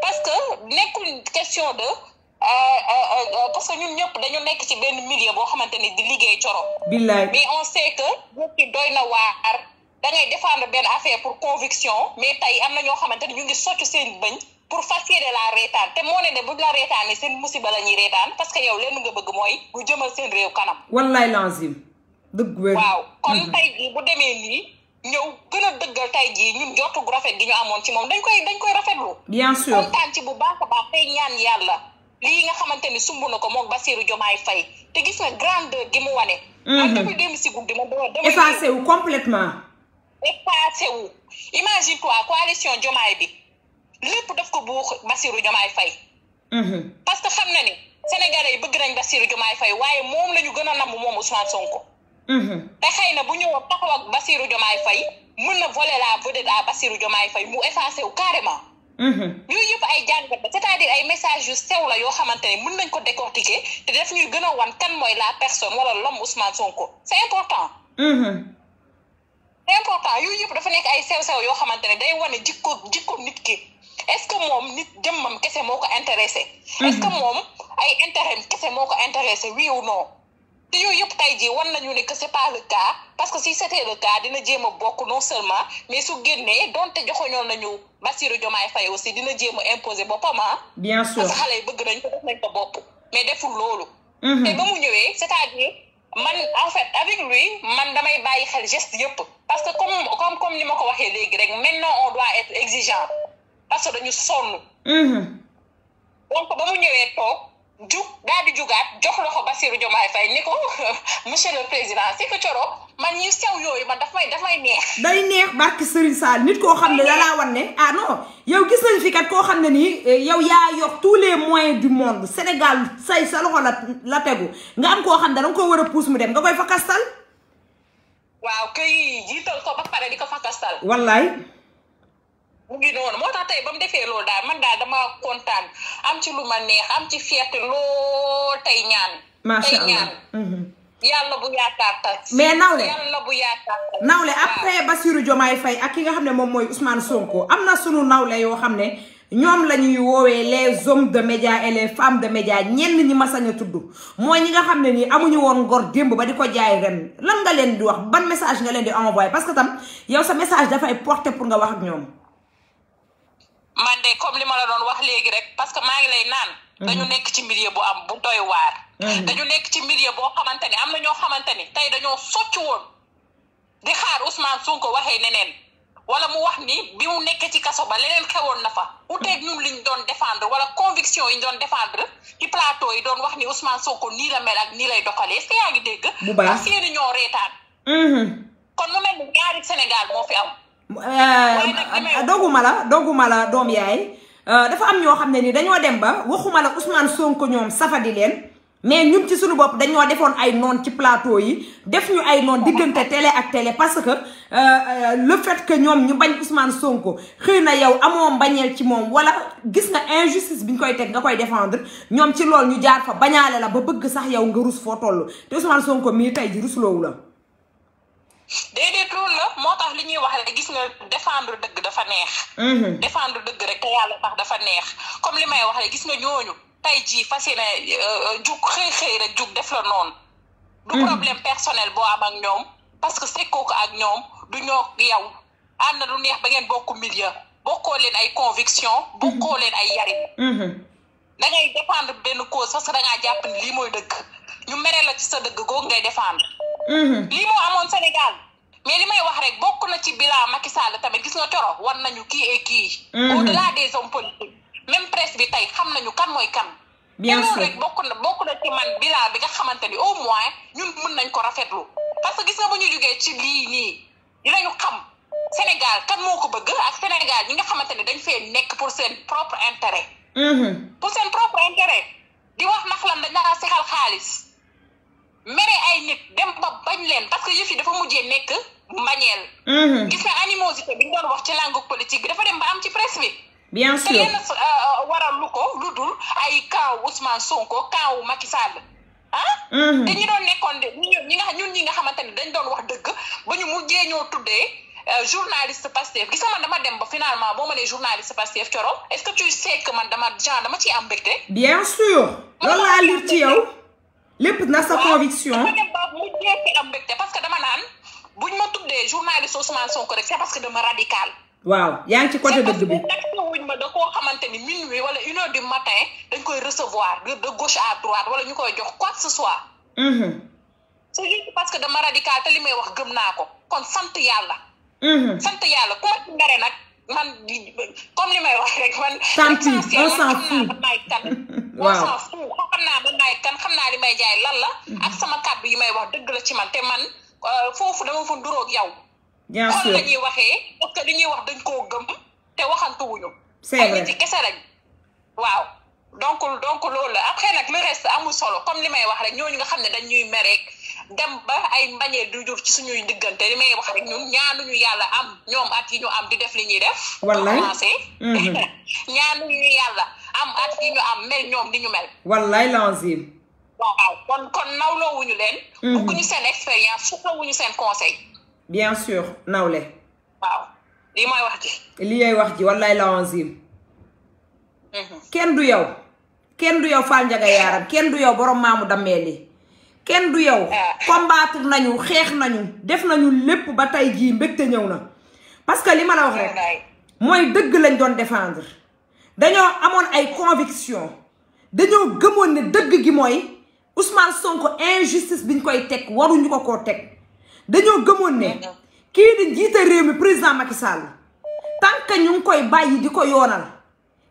parce que nekkul question de euh, euh, euh, parce que ñun ñëpp dañu nekk ci benn milieu boo xamante ni di liggéey coro. billaay mais on sait que ñëpp doy na waar da ngay défendre benn affaire pour conviction mais tey am na ñoo xamante ni ñu ngi socc seen bëñ. pour facile de la reetaan te moo ne ne buñ la reetaanee seen musiba la ñuy reetaan parce que yow lenn nga bëgg mooy bu jëmal seen réew kanam. wallaay lazim dëgg waaw kon tey jii bu demee nii. ñëw gën a dëggal tey jii ñun jortu gu rafet gi ñu amoon ci moom dañ koy dañ koy rafetlu. bien sûr kontaan ci bu baax baax tey ñaan yàlla lii nga xamante ni sumb na ko moom Bassirou Diomaye Faye te gis nga grandeur gi mu wane. Mhm. man si guddi moom dama. effacé wu complètement. effacé wu imagine toi coalition Diomaye bi lépp daf ko buux Bassirou Diomaye Faye. Mhm. parce que xam na ni sénégalais yi bëgg nañ Bassirou Diomaye fay waaye moom la ñu gën a namm moom Ousmane ko Mm-hmm. te xëy na bu ñëwoon taxaw ak Bassirou Diomaye Faye mën na voler la vedette à Bassirou Diomaye Faye mu effacé wu carrément. Mm-hmm. yooyu yëpp ay jàngat la cest à ay message yu sew la yoo xamante ne mën nañ ko décortiquer te daf ñuy gën a wan kan mooy la personne wala l'homme Ousmane Sonko c'est important. Mm-hmm. c'est important yooyu yëpp dafa nekk ay sew sew yoo xamante ne day wane jikko jikko nit ki est-ce que moom nit jëmmam kese moo ko intéressé. est moom ay intérêt kese moo ko intéressé oui noo te yooyu yëpp tey jii wan nañu ne que c'est pas le cas parce que si c'était le cas dina jéem bokk non seulement mais su génnee donte joxoñoon nañu Bassirou Diomaye fay aussi dina jéem a imposer boppam ah. bien sûr bëgg nañ ko def nañ ko bopp mais deful loolu. Mhm. te ba mu ñëwee c'est-à-dire man en fait avec lui man damay bàyyi xel geste yëpp. parce que comme comme comme ni ma ko waxee léegi rek maintenant on doit être exigeant parce que dañu sonn. Mhm. donc ba mu ñëwee toog. jug daal di jugaat jox loxo Bassirou Diomaye Faye ni ko [laughs] monsieur le président c'est que coro man yu sew yooyu ma daf may daf may neex. day neex barki Serigne Sall nit koo xam ne dalaa wan ne ah non yow gis nañ fi kat koo xam ne nii eh, yow yaa yor tous les moyens du monde Sénégal say sa loxo la la tegu nga am koo xam ne da nga ko war a puus mu dem nga koy fa kastal. waaw kay jiital ko ba pare di ko fa kastal. wallaay. mu ngi noonu moo tax tey ba mu defee loolu daal man daal dama kontaan am ci lu ma neex am ci fierté loo tey ñaan. macha allah tey ñaan. Mhm. yàlla bu yaakaar tas. mais nawle yàlla bu yaakaar tas. nawle après Bassirou Diomaye Faye ak ki nga xam ne moom mooy Ousmane Sonko am na sunu nawle yoo xam ne ñoom la ñuy woowee les hommes de média et les femmes de média ñenn ñi ma sañ a tudd mooy ñi nga xam ne nii amuñu woon ngor démb ba di ko jaay ren lan nga leen di wax ban message nga leen di envoyé parce que tam yow sa message dafay porté pour nga wax ak ñoom. man de comme li ma la doon wax léegi rek parce que maa ngi lay naan. Mm-hmm. dañu nekk ci milieu bu am bu doy waar. Mm-hmm. dañu nekk ci millier boo xamante ne am na ñoo xamante ni tey dañoo socc woon di xaar Ousmane Sonko waxee neneen wala mu wax ni bi mu nekkee ci kaso ba leneen xewoon na fa mm-hmm. uteeg ñun liñ doon défendre wala conviction yi ñu doon défendre ci plateau yi doon wax ni Ousmane Sonko nii la mel ak nii lay doxalee est-ce que yaa ngi dégg. bu baax parce que ñoo reetaan. mu mel Sénégal moo fi am. Euh, doguma la dogguma la doom yaay euh, dafa am ñoo xam ne ni dañoo dem ba waxuma la Ousmane Sonko ñoom safadi leen mais ñu ci suñu bopp dañoo defoon ay noon ci plateau yi def ñu ay noon diggante télé ak télé parce que euh, le fait que ñoom ñu bañ Ousmane Sonko xëy na yow amoo mbañeel ci moom wala gis nga injustice bi ñu koy teg nga koy défendre ñoom ci lool ñu jaar fa bañaale la ba bëgg sax yow nga rus foo toll te Ousmane Sonko mii tey ji rusloowu la. déedéet loolu na moo tax li ñuy wax te gis nga défendre dëgg dafa neex. Mhm. defendre dëgg rek te yàlla tax dafa neex comme li may wax rek gis nga ñooñu tey jii fas yéene euh, euh, jug xëy xëy rek jug def la noonu. du mhm. problème personnel boo am ak ñoom parce que sekkoo ko ak ñoom du ñoo yow ànd na lu neex ba ngeen bokk milieu bokkoo leen ay conviction mhm. bokkoo leen ay yarin. da ngay défendre benn cause parce que da ngaa jàpp ni lii mooy dëgg ñu mere la ci sa dëgg googu ngay défendre. Mm-hmm. lii moo amoon Sénégal mais li may wax rek bokk na ci bilan Macky Sall tamit gis nga coro war nañu kii et kii. Mm-hmm. au delà des hommes même presse bi tey xam nañu kan mooy kan. bien sûr na bokk na ci man bilan bi nga xamante ni au moins ñun mën nañ ko rafetlu parce que gis nga bu ñu jógee ci lii nii dinañu xam Sénégal kan moo ko bëgg ak Sénégal ñi nga xamante ne dañ fee nekk pour seen propre intérêt. Mm-hmm. pour seen propre intérêt di wax nax lan dañ laa sexal xaalis. mere ay nit dem ba bañ leen parce que yëf yi dafa mujjee nekk mbañeel. Mhm. gis nga animosité bi ñu doon wax ci langue politique bi dafa dem ba am ci presse bi. bien sûr te leen euh, euh, waral lu ko lu dul ay kaaw Ousmane Sonko kaaw Macky Sall ah. Mhm. te ñi doon nekkoon de ñi nga ñi nga xamante ne dañ doon wax dëgg ba ñu mujjee ñoo tuddee euh, journaliste Pastef gis nga man dama dem ba finalement boo ma nee journaliste Pastef Coro est-ce que tu sais que man ci yow. lépp na sa conviction. parce que dama naan buñ ma tuddee journaliste Ousmane Sonko rek c'est parce que dama radical. waaw yaa ngi ci côté dëgg bi wuñ ma da koo xamante ni minuit wala une heure du matin dañ koy recevoir de de gauche à droite wala ñu koy jox quoi que ce soit. Mm-hmm. c'est juste parce que dama radical te li may wax gëm naa ko kon sant yàlla. Mm-hmm. sant yàlla koo ci ndare nag. man comme li may wax rek man. tant pis xam naa man maay kan xam naa li may jaay lan la. ak sama kàddu yi may wax dëgg la ci man te man foofu dama fa yow. bien la ñuy waxee parce que li ñuy wax dañ koo gëm te waxantuwuñu. c'est vrai ci kese lañ waaw. donc donc loolu la après nag le reste amul solo comme li may wax rek ñooñu nga xam ne dañ ñuy mereek dem ba ay mbañeel du jur ci suñuy diggante li may wax rek ñun ñaanuñu yàlla am ñoom at yi ñu am di def li ñuy def. wallaay commencé. Mhm. [laughs] ñaanuñu yàlla am at yi ñu am mel ñoom di ñu mel. wallaay lazim. waaw kon kon nawloowuñu leen. Mhm. bugguñu seen expérience soxlawuñu seen conseil. bien sûr nawle. waaw lii mooy wax ji. li yooy wax ji wallaay lazim. Mhm. kenn du yow. kenn du yow Fall Ndiaga Yaram kenn du yow borom maamu dammeel yi kenn du yow ah. combattre nañu xeex nañu def nañu lépp ba tey jii mbégte ñëw na parce que li ma la wax rek mooy dëgg lañ doon défendre dañoo amoon ay conviction dañoo gëmoon ne dëgg gi mooy Ousmane sonk injustice biñ koy teg waruñu ko koo teg dañoo gëmoon ne mm-hmm. kii di njiite réew mi président Macky Sall tant que ñu ngi koy bàyyi di ko yoonal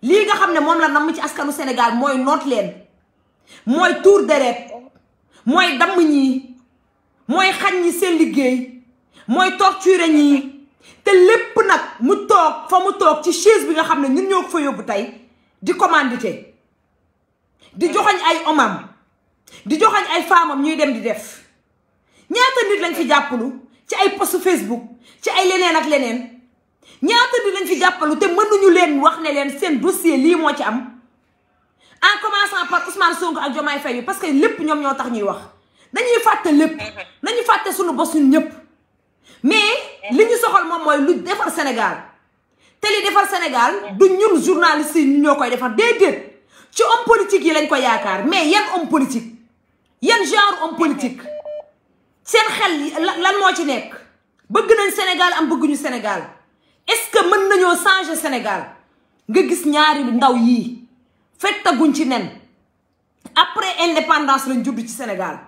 lii nga xam ne moom la namm ci askanu Sénégal mooy noot leen mooy tour deret mooy damm ñii mooy xañ ñi seen liggéey mooy torturer ñi te lépp nag mu toog fa mu toog ci chaise bi nga xam ne ñun ñoo ko fa yóbbu tey di commandité di joxoñ ay omam di joxoñ ay faamam ñuy dem di def ñaata nit lañ fi jàppalu ci ay post Facebook ci ay leneen ak leneen ñaata nit lañ fi jàppalu te mënuñu leen wax ne leen seen dossier lii moo ci am en commençant par Ousmane Sonko ak Diomaye Faye parce que lépp ñoom ñoo tax ñuy wax dañuy fàtte lépp nañu fàtte suñu bos ñun ñëpp mais li ñu soxal moom mooy lu defar Sénégal te li defar Sénégal du ñun journalistes yi ñoo koy defar déedéet ci homme politique yi lañ ko yaakaar mais yan homme politique yan genre homme politique seen xel lan moo ci nekk bëgg nañ Sénégal am bëgguñu Sénégal est-ce que mën nañoo changer Sénégal nga gis ñaari ndaw yii guñ ci nen après indépendance lañ judd ci Sénégal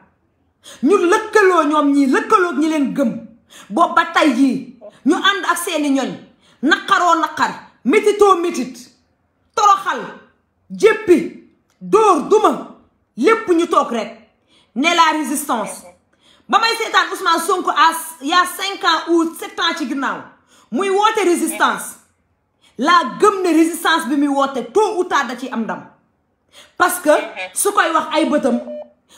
ñu lëkkaloo ñoom ñii lëkkaloo ñi leen gëm boobu ba tey ñu ànd ak seeni ñoñ naqaroo naqar métitoo métit toroxal jéppi dóor duma lépp ñu toog rek ne la résistance ba may seetaan Ousmane Sonko as y'a cinq ans ou sept ci ginnaaw muy woote résistance laa gëm ne résistance bi muy woote tôt ou tard da ci am ndam parce que su koy wax ay bëtam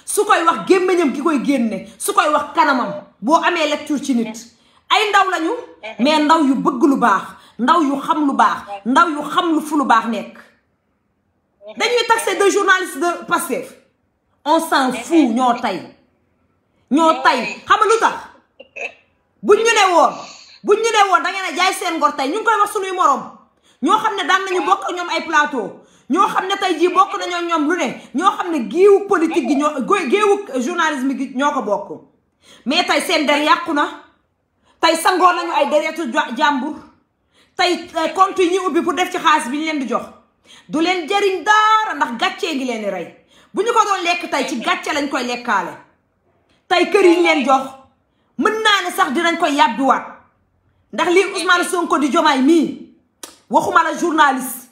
su koy wax gémmiñam gi koy génne su koy wax kanamam boo amee lecture ci nit ay ndaw lañu mais ndaw yu bëgg lu baax ndaw yu xam lu baax ndaw yu xam lu fu lu baax nekk dañuy taxé de journaliste de Pastef on s'en fout ñoo tey ñoo tey xam lu tax bu ñu ne woon buñ ñu ne woon da ngeen a jaay seen ngor tey ñu ngi koy wax suñuy moroom ñoo xam ne daan nañu bokk ñoom ay plateau ñoo xam ne tey jii bokk nañoo ñoom lu ne ñoo xam ne géewu politique gi ñoo géewu journalisme gi ñoo ko bokk mais tey seen der yàqu na tey sangoo nañu ay deretu jàmbur tey compte yi ñu ubbi pour def ci xaalis bi ñu leen di jox du leen jariñ dara ndax gàccee ngi leen di rey bu ñu ko doon lekk tey ci gàcce lañ koy lekkaale tey kër yi ñu leen jox mën naa ne sax dinañ koy yàbbiwaat ndax lii Ousmane ko di jomaay mii waxuma la journaliste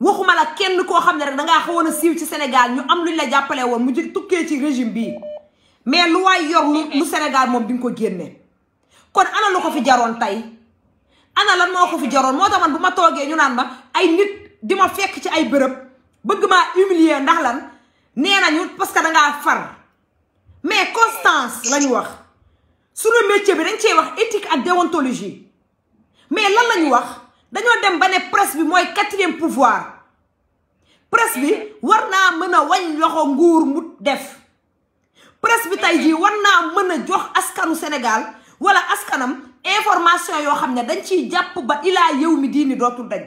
waxuma la kenn koo xam ne rek dangaa xawoon a siiw ci Sénégal ñu am luñ la jàppale woon mu jël tukkee ci régime bii mais lu waay yor lu Sénégal moom di nga ko génne kon ana lu ko fi jaroon tey ana lan noo ko fi jaroon moo tax man bu ma toogee ñu naan ma ay nit di ma fekk ci ay bërëb bëgg maa humilier ndax lan nee nañu parce que dangaa far mais constance lañu wax suñu métier bi dañ cee wax éthique ak déontologie mais lan lañu wax dañoo dem ba ne presse bi mooy quatrième pouvoir presse bi war naa mën a wañ loxo nguur mu def presse bi tey jii war naa mën a jox askanu Sénégal wala askanam information yoo xam ne dañ ciy jàpp ba ilaa yow mi diini dootul dañ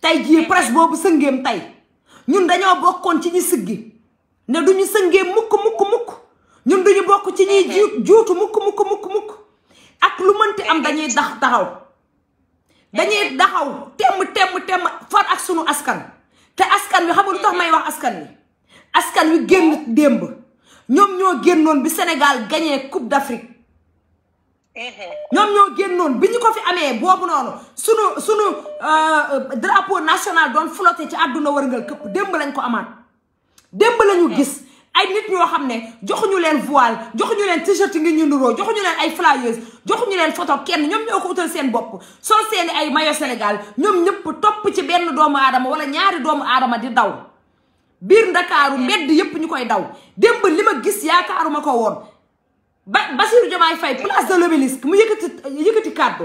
tey jii presse boobu sëngeem tey ñun dañoo bokkoon ci ñi siggi ne du ñu sëngeem mukk mukk mukk ñun duñu bokk ci ñuy juutu mukk mukk mukk mukk ak lu mënti am dañuy dax taxaw dañuy daxaw temm temm temm far ak sunu askan te askan wi xamul tax may wax askan wi askan wi génn démb ñoom ñoo génnoon bi Sénégal gagné coupe d'Afrique mm-hmm. ñoom ñoo génnoon bi ñu ko fi amee boobu noonu sunu sunu euh, drapeau national doon flotté ci àdduna wërngal këpp démb lañ ko amaat démb lañu gis ay nit ñoo xam ne joxuñu leen voile joxuñu leen t-shirt ngi ñu jox ñu leen ay jox ñu leen foto kenn ñoom ñoo ko utal seen bopp soo seeni ay maillot Sénégal ñoom ñëpp topp ci benn doomu adama wala ñaari doomu aadama di daw biir ndakaaru mbedd yëpp ñu koy daw démb li ma gis yaakaaruma ko woon ba Bassirou Diomaye Faye place de l'Obélisque mu yëkkati yëkkati kàddu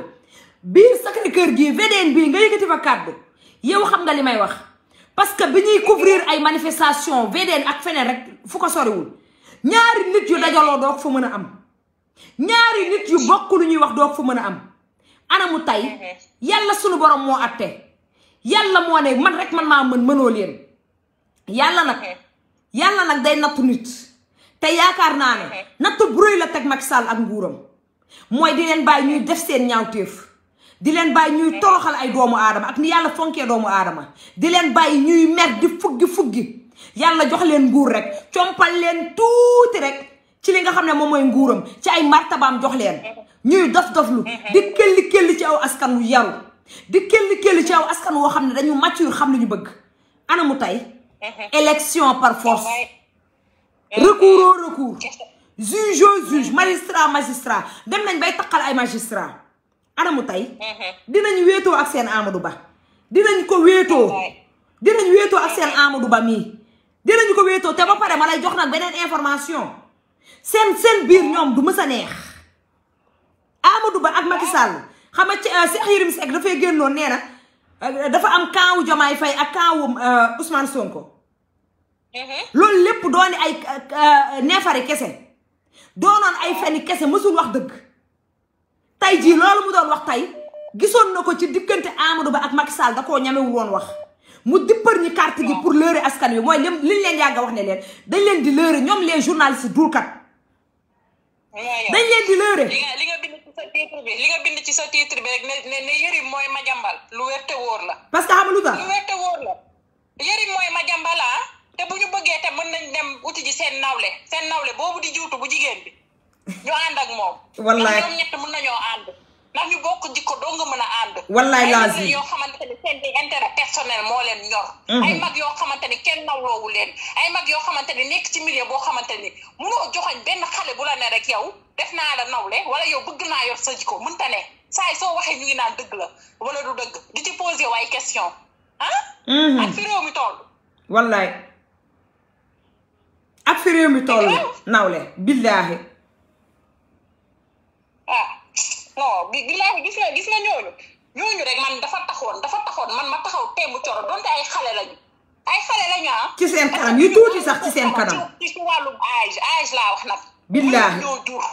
biir sacré kër gii VDN bii nga yëkkati fa kàddu yow xam nga li may wax parce que bi ñuy couvrir ay manifestation VDN ak feneen rek fu ko soriwul ñaari nit yu dajaloo doog fa mën a am ñaari nit yu bokk lu ñuy wax doog fa mën a am anamu tey yàlla sunu borom moo atte yàlla moo ne man rek man maa mën mënoo leen yàlla nag yàlla nag day nattu nit te yaakaar naa ne nattu bu rëy la teg Macky Sall ak nguuram mooy di bàyyi ñuy def seen ñaawteef di leen bàyyi ñuy toroxal ay doomu aadama ak ni yàlla fonkee doomu aadama di leen bàyyi ñuy mer di fuggi fuggi yàlla jox leen nguur rek compal leen tuuti rek ci li nga xam ne moom mooy nguuram ci ay martabaam jox leen ñuy dof doflu di kelli kelli ci aw askan wu yaru di kelli kelli ci aw askan woo xam ne dañu mature xam li ñu bëgg ana mu tey élection par force recours au recours juge au magistrat magistrat dem nañ bay taqal ay magistrat anamu tey mhm. dinañ wéetoo ak seen Amadou Ba dinañ ko wéetoo dinañ wéetoo ak seen mhm. Amadou Ba mii dinañ ko wéetoo te ba pare ma lay jox nag beneen information seen seen biir ñoom du mës a neex Amadou Ba ak Macky Sall xam nga ci euh, Cheikh Yérim Seck dafay génnoon nee na euh, dafa am kaawu Diomaye fay ak kaawu euh, Ousmane Sonko mhm. loolu lépp dooni ay neefari kese doonoon ay fenn kese mësul wax dëgg tey jii loolu mu doon wax tey gisoon na ko ci diggante Amadou Ba ak Macky Sall da koo ñamewul woon wax mu dippar ñi carte gi pour leurrer askan wi mooy lim liñ leen yàgg a wax ne leen dañ leen di leurrer ñoom les journalistes duurkat dañ leen di leurrer li nga bind ci sa titre bi li nga bind ci sa titre bi rek ne ne Yërim mooy ma jàmbal lu werte wóor la parce que xam lu tax lu werte wóor la Yërim mooy ma jàmbala ah. te bu ñu bëggee te mën nañ dem uti ji seen nawle seen nawle boobu di juutu bu jigéen bi ñu ànd ak moom. wallaay ñoom ñett mën nañoo ànd. ndax ñu bokk jikko doo nga mën a ànd. wallaay laazim ay yoo xamante ne seen i intérêt personnel moo leen mhm. kenn nawloowu leen. ay mag yoo xamante ni nekk ci milieu boo xamante ni munoo joxoñ benn xale bu la ne rek yow def naa la nawle wala yow bëgg naa yor sa jikko mënta ne saa soo waxee ñu ngi naan dëgg la wala du dëgg di ci posé waay question ah. Mhm. ak fi réew mi toll. nawle billaahi ah non bi billaahi gis na gis nga ñooñu ñooñu rek man dafa taxoon dafa taxoon man ma taxaw teemu coro donte ay xale lañu ay xale lañu ah. ci seen kanam yu tuuti sax ci seen kanam. ci wàllum âge âge laa wax nag. billaahi ñoo jur.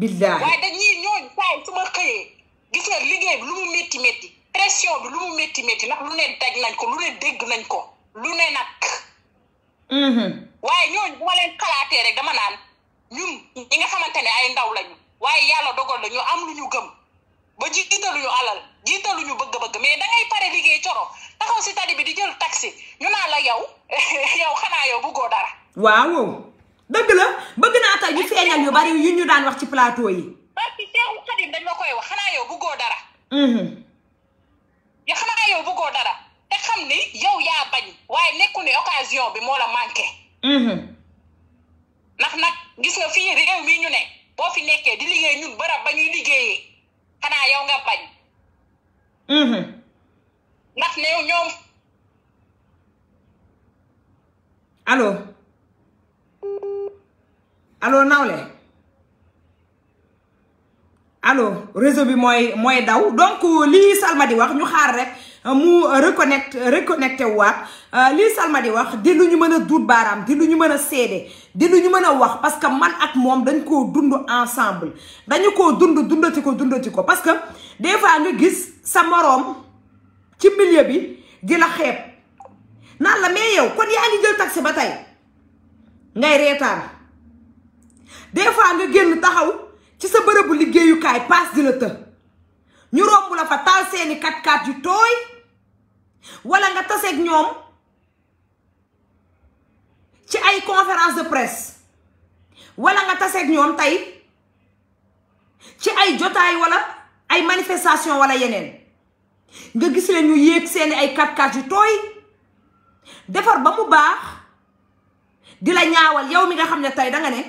billaahi waaye dañuy ñooñu saa yi su xëyee gis liggéey bi lu mu métti métti pression bi lu mu métti métti ndax lu ne daj nañ ko lu ne dégg nañ ko lu ne nag. Mm-hmm. waaye ñooñu bu ma leen xalaatee rek dama naan ñun ñi nga xamante ne ay ndaw lañu. waaye yàlla dogal na ñu am lu ñu gëm ba jiitaluñu alal ñu bëgg-bëgg mais da ngay pare liggéey coro taxaw si tali bi di jël taxi ñu naan la yow [laughs] yow yow bëggoo dara. waaw dëgg la bëgg naa tey ñu feeñal yu bari yu ñu ci plateau yi. parce que Seexu dañ la koy wax xanaa yow bëggoo dara. Mhm. ya xanaa yow bëggoo dara te xam ni yow yaa bañ waaye nekku ne occasion bi moo la manqué. Mhm. ndax nag gis nga fii réew mii ñu ne. boo fi nekkee di liggéey ñun barab ba ñuy liggéeyee xanaa yow nga bañ. Mm-hmm. ndax néew ñoom. allo allo nawle allo réseau bi mooy mooy daw donc lii Salma di wax ñu xaar rek. Euh, mu reconnect reconnecté waat euh, lii Salma di wax di lu ñu mën a duut baaraam di lu ñu mën a seede di lu ñu mën a wax parce que man ak moom dañ koo dund ensemble dañu koo dund dundati ko dundati ko parce que des fois nga gis sa moroom ci milieu bi di la xeeb naan la mais yow kon yaa ngi jël taxi ba tey ngay reetaan des fois nga génn taxaw ci sa bërëbu liggéeyukaay paas di la të ñu romb la fa taal seeni kat-kat yu tooy wala nga taseeg ñoom ci ay conférence de presse wala nga taseeg ñoom tey ci ay jotaay wala ay manifestation wala yeneen nga gis leen ñu yéeg seeni ay kat-kat yu tooy defar ba mu baax di la ñaawal yow mi nga xam ne tey danga ne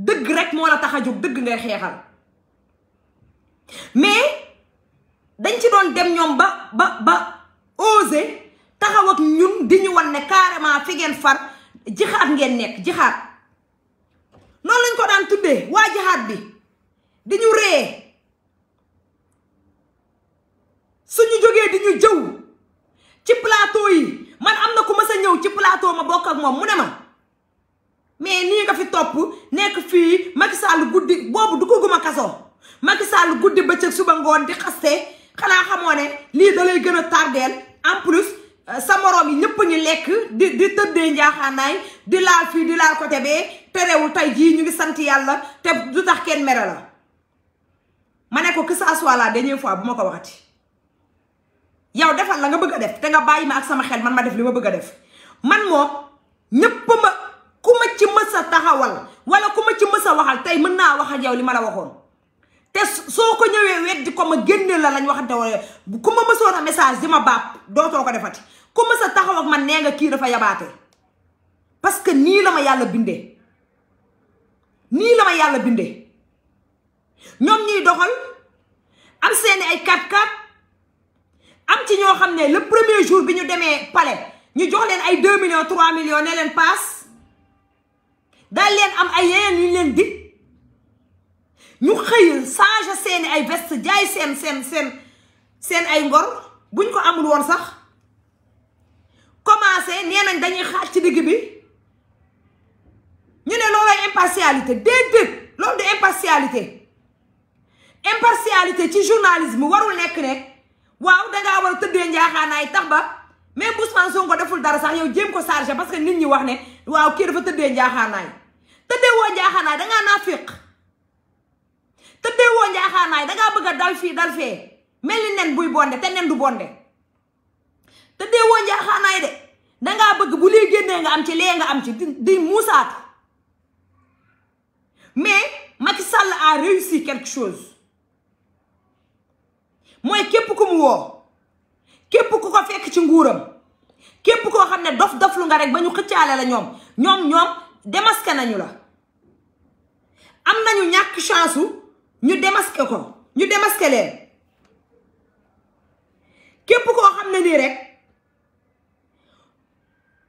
dëgg rek moo la tax a jóg dëgg ngay xeexal mais dañ ci doon dem ñoom ba ba ba osé taxaw ak ñun di ñu wan ne carrément fi ngeen far jixaat ngeen nekk jixaat noonu lañ ko daan tuddee waa jixaat bi di ñu ree suñu jógee di ñu jëw ci plateau yi man am na ku ma sa ñëw ci plateau ma bokk ak moom mu ne ma mais nii nga fi topp nekk fii Macky Sall guddi boobu du ko guma kaso Macky Sall guddi bëccëg suba ngoon di xaste xanaa xamoo ne lii da lay gën a tardeel en plus euh, sa morom yi ñëpp ñu lekk di di tëddee njaaxaanaay di laal fii di laal côté bee terewul tey jii ñu ngi sant yàlla te du tax kenn mere la ma ne ko que ça soit la dernière fois bu ma ko waxati yow defal la nga bëgg a def te nga bàyyi ma ak sama xel man ma def li ma bëgg a def man moom ñëpp ma ku ma ci ma sa taxawal walla ku ma ci ma sa waxal tey mën naa wax ak yow li ma la waxoon te soo ko ñëwee weddi ko ma génne la lañ waxante wala ku ma mësoon a message di ma baab dootoo ko defati ku mës a taxaw ak man nee nga kii dafa yabaate parce que nii la ma yàlla bindee nii la ma yàlla bindee ñoom ñuy doxal am seeni ay 4-4 am ci ñoo xam ne le premier jour bi ñu demee palais ñu jox leen ay 2 millions 3 millions ne leen paas daal leen am ay yeneen yu leen dig ñu xëy changé seeni ay veste jaay seen seen seen seen ay ngor buñ ko amul woon sax commencé nee nañ dañuy xaaj ci digg bi ñu ne loolooy impartialité déedéet loolu de impartialité impartialité ci journalisme warul nekk rek waaw dangaa war a tëddee njaaxaanaay tax ba même Ousmane ko deful dara sax yow jéem ko chargé parce que nit ñi wax ne waaw kii dafa tëddee njaaxaanaay tëddee woo njaaxaanaay dangaa naa féq tëddee woo njaaxaanaay dangaa bëgg a dal fii dal fee mel nen buy bonde te nen du bonde tëddee woo njaaxaanaay de dangaa bëgg bu lii génnee nga am ci lee nga am ci di muusaatu mais Macky Sall a réussi quelque chose mooy képp ku mu woo képp ku ko fekk ci nguuram képp koo xam ne dof doflu nga rek ba ñu xëccaale la ñoom ñoom ñoom démasqué nañu la am nañu ñàkk chance ñu démasqué ko ñu démasqué leen képp koo xam ne nii rek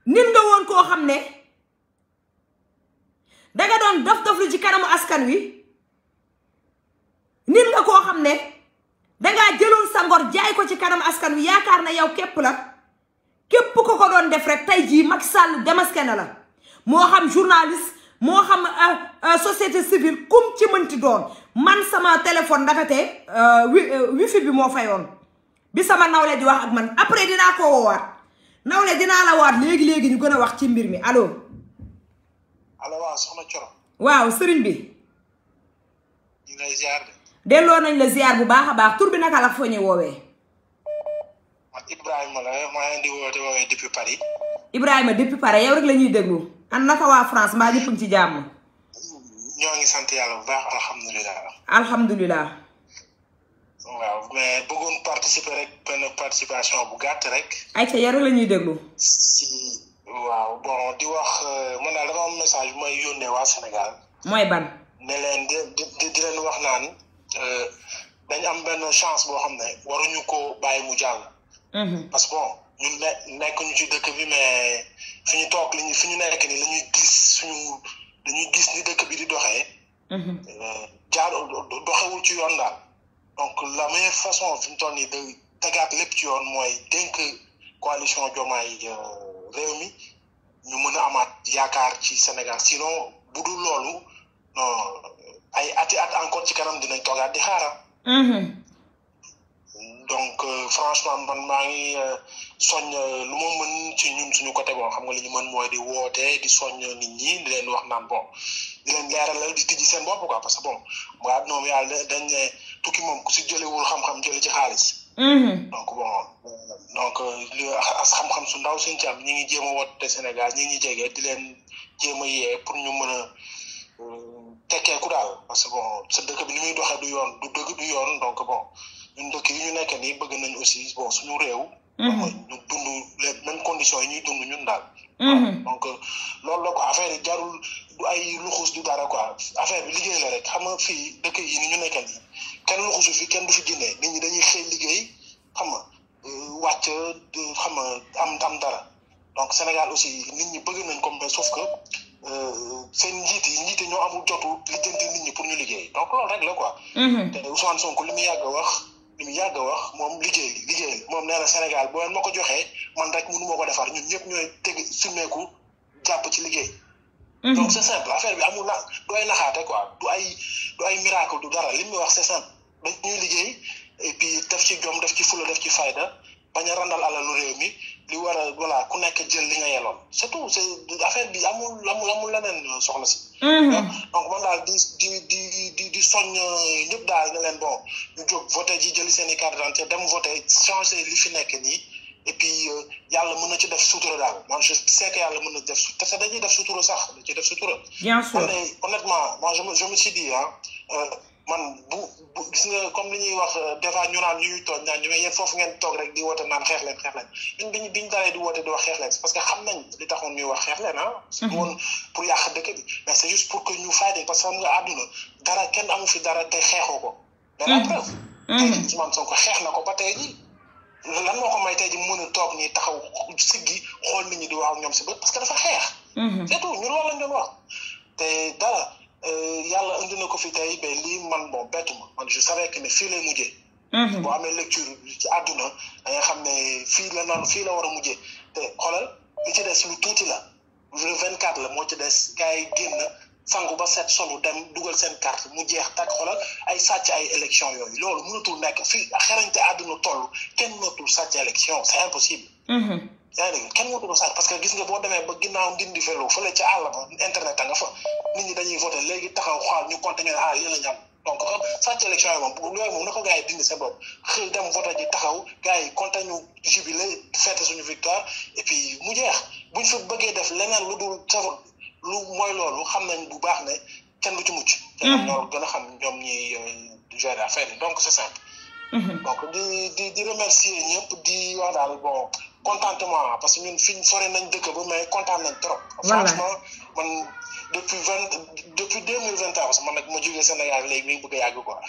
nit nga woon koo xam ne danga doon dof dof lu ci kanamu askan wi nit nga koo xam ne dangaa jëloon sa ngor jaay ko ci kanamu askan wi yaakaar na yow képp la képp ko ko doon def rek tey jii Macky Sall démasqué na la moo xam journaliste moo xam euh, euh, société civile kum ci mënti doon man sama téléphone ndakate euh, wifi bi moo fayoon bi sama nawle di wax ak man après dinaa ko woowaat nawle dinaa la waat léegi-léegi ñu gën a wax ci mbir mi allo allo waaw soxna Coro waaw sëriñ bi ñu de delloo nañ la ziar bu baax a baax tur bi naka la foñe woowee man Ibrahima la maa ngi di woote woowee depuis Paris Ibrahima depuis Paris yow rek la ñuy déglu an naka waa France mbaa ñëpp ngi ci jàmm. ñoo ngi sant yàlla bu baax alhamdulilah. alhamdulilah. waaw mais bëggoon participer rek benn participation bu gàtt rek. ay ca yaru la déglu. waaw bon di wax euh, man daal dama am message mooy yónnee waa Sénégal. mooy ban. ne leen di di di leen wax naan euh, dañ am benn chance boo xam ne waruñu ko bàyyi mu jàll. Mhm. parce bon. ñun ne nekk ñu ci dëkk bi mais fi ñu toog li ñu fi ñu nekk nii la gis suñu dañuy gis ni dëkk bi di doxee. Mhm. Euh, jaar doxewul ci yoon daal donc la meilleure façon fi mu toll nii de tegaat lépp ci yoon mooy dénk coalition Diomaye euh, réew mi ñu mën a amaat yaakaar ci Sénégal sinon bu dul loolu ay ati at encore ci kanam dinañ toogaat di xaaral. Mhm. donc euh, franchement man maa ngi euh, soññ euh, lu ma mën ci ñun suñu côté boo xam nga li ñu mën mooy di wootee di soññ nit ñi di leen wax naan bon di leen leeralal di tijji seen bopp ko parce que bon waaye noonu yàlla dañ ne tukki moom ku si jëlewul xam jële ci xaalis. Mm-hmm. donc bon donc li as su ndaw seen ci am ñi ngi jéem a woote Sénégal ñi ngi jege di leen jéem a pour ñu mën a. tekkeeku daal parce que sa dëkk bi ni muy doxee du yoon du dëgg du yoon donc bo ñun dëkk yi ñu nekk nii bëgg nañ aussi bon suñu réew. Mhm. ñu dund les mêmes conditions yi ñuy dund ñun daal. Mhm. donc loolu la ko affaire yi jarul du ay luxus du dara ko affaire bi liggéey la rek xam nga fii dëkk yi ni ñu nekk nii kenn luxusu fi kenn du fi génnee nit ñi dañuy xëy liggéey xam nga euh, wàcc euh, xam nga am am dara donc Sénégal aussi nit ñi bëgg nañ comme sauf que euh, seen njiit yi njiit yi ñoo amul jotu lijjanti nit ñi pour ñu liggéey donc loolu rek la quoi. Mhm. te Ousmane Sonko mu yàgg wax. li mu wax moom liggéey liggéey moom nee Sénégal boo leen ma ko joxee man rek mënu moo ko defar ñun ñëpp ñooy teg sumeeku jàpp ci liggéey. Mhm. donc c'est simple affaire bi amul na dooy naxaate ko du ay du ay miracle du dara li mu wax c'est simple ñuy liggéey et def ci jom def ci fula def ci fayda bañ a randal alalu réew mi li war a voilà ku nekk jël li nga yeloon c'est tout c'est affaire bi amul amul amul leneen soxna si. Mhm. donc man daal di di di di di soññ ñëpp daal ne leen bon ñu jóg voté ji jëli seen i carte d'identité dem voté changé li fi nekk nii et puis euh, yàlla mun na ci def sutura daal man yàlla mën na def su te dañuy def sutura sax dañuy def sutura. bien sûr honnêtement moi je me je ah. man bu gis comme li ñuy wax euh, des fois ñu naan ñu ñuy tooñ naan ñu mais yéen foofu ngeen toog rek di woote naan di woote di wax parce que xam nañ li taxoon ñuy wax xeex leen ah. c'est woon mhm. fi dara te xeexoo ko. mais la mhm. preuve. Mhm. tey jii xeex na ko ba tey jii lan moo ko may tey mu mun a toog ñuy taxaw siggi xool nit ñi di wax ak ñoom si bët parce que dafa xeex. c'est tout ñun loolu lañ doon wax te dara. Euh, yàlla indi na ko fi tey ba lii man bon bett ma man je savais que ne fii lay mujjee. Mhm. boo amee lecture ci àdduna da xam ne fii la naan fii la war a mujjee te xoolal li ci des lu tuuti la vingt 24 la moo ci des gars génn sangu ba set solu dem dugal seen carte mu jeex tàkk xoolal ay sàcc ay élection yooyu loolu mënatul nekk fii te àdduna toll kenn mënatul sàcc élection c'est impossible. Mhm. yaa ngi kenn wutu ko sax parce que gis nga boo demee ba ginnaaw ndindi felo fële ca àll ba internet a nga fa nit ñi dañuy voté léegi taxaw xool ñu compté ñu ne ah yéen la ñu am donc xam sàcc élection yi moom loolu moom na ko gars yi dindi seen bopp xëy dem voté ñu fa bëggee def leneen lu dul savon lu mooy loolu xam nañ bu baax ne kenn du ci mucc. te hmm. gën a xam ñoom ñi euh, gérer affaire yi donc c'est simple. Hmm. donc di di di remercier ñëpp di wax daal bon. contentement parce que ñun fi ñu fore nañ dëkk ba mais kontaan nañ trop. franchement man depuis vingt depuis deux mille vingt et un parce que man nag ma jógee Sénégal léegi mi ngi bëgg a yàgg quoi.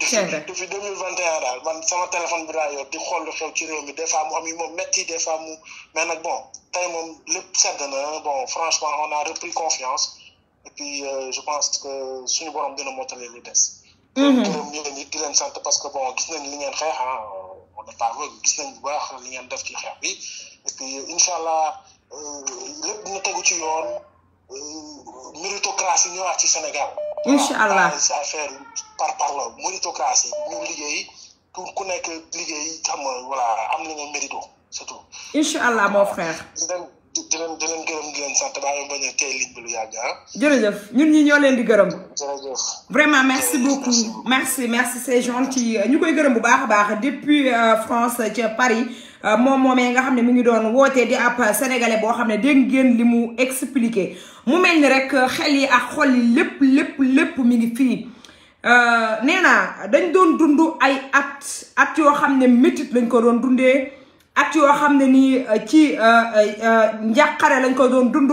depuis mille vingt et man sama téléphone bi daa yor di xool lu xew ci réew mi des fois mu am yu ma métti des mais nag bon tey moom lépp sedd na bon franchement on a repris confiance et puis euh, je pense que suñu borom dina mottali lu des. Mhm. gërëm ñu leen di sant parce que bon gis nañ li ngeen xeex ah. dafa gis nañ bu baax li ngeen def ci xeex bi et puis incha allah euh, lépp na tegu ci yoon euh, méritocratie ñëwaat ci Sénégal. incha allah affaire par par la méritocratie liggéey pour ku nekk liggéey xam nga voilà am na nga mérito surtout. incha mon frère. di di leen di leen gërëm ñu bañ ah. ñi ñoo leen di gërëm. jërëjëf vraiment merci beaucoup merci merci c'est ci ñu koy gërëm bu baax a baax depuis euh, France ca Paris. Euh, moom moomee nga xam ne mu ngi doon wootee di ab sénégalais boo xam ne dégg ngeen li mu expliqué mu mel ni rek xel yi ak xol yi lépp lépp lépp mi ngi fii euh, nee naa dañ doon dund ay at at yoo xam ne métit lañ ko doon dundee. at yoo xam ne nii euh, ci euh, euh, njàqare lañ ko doon dund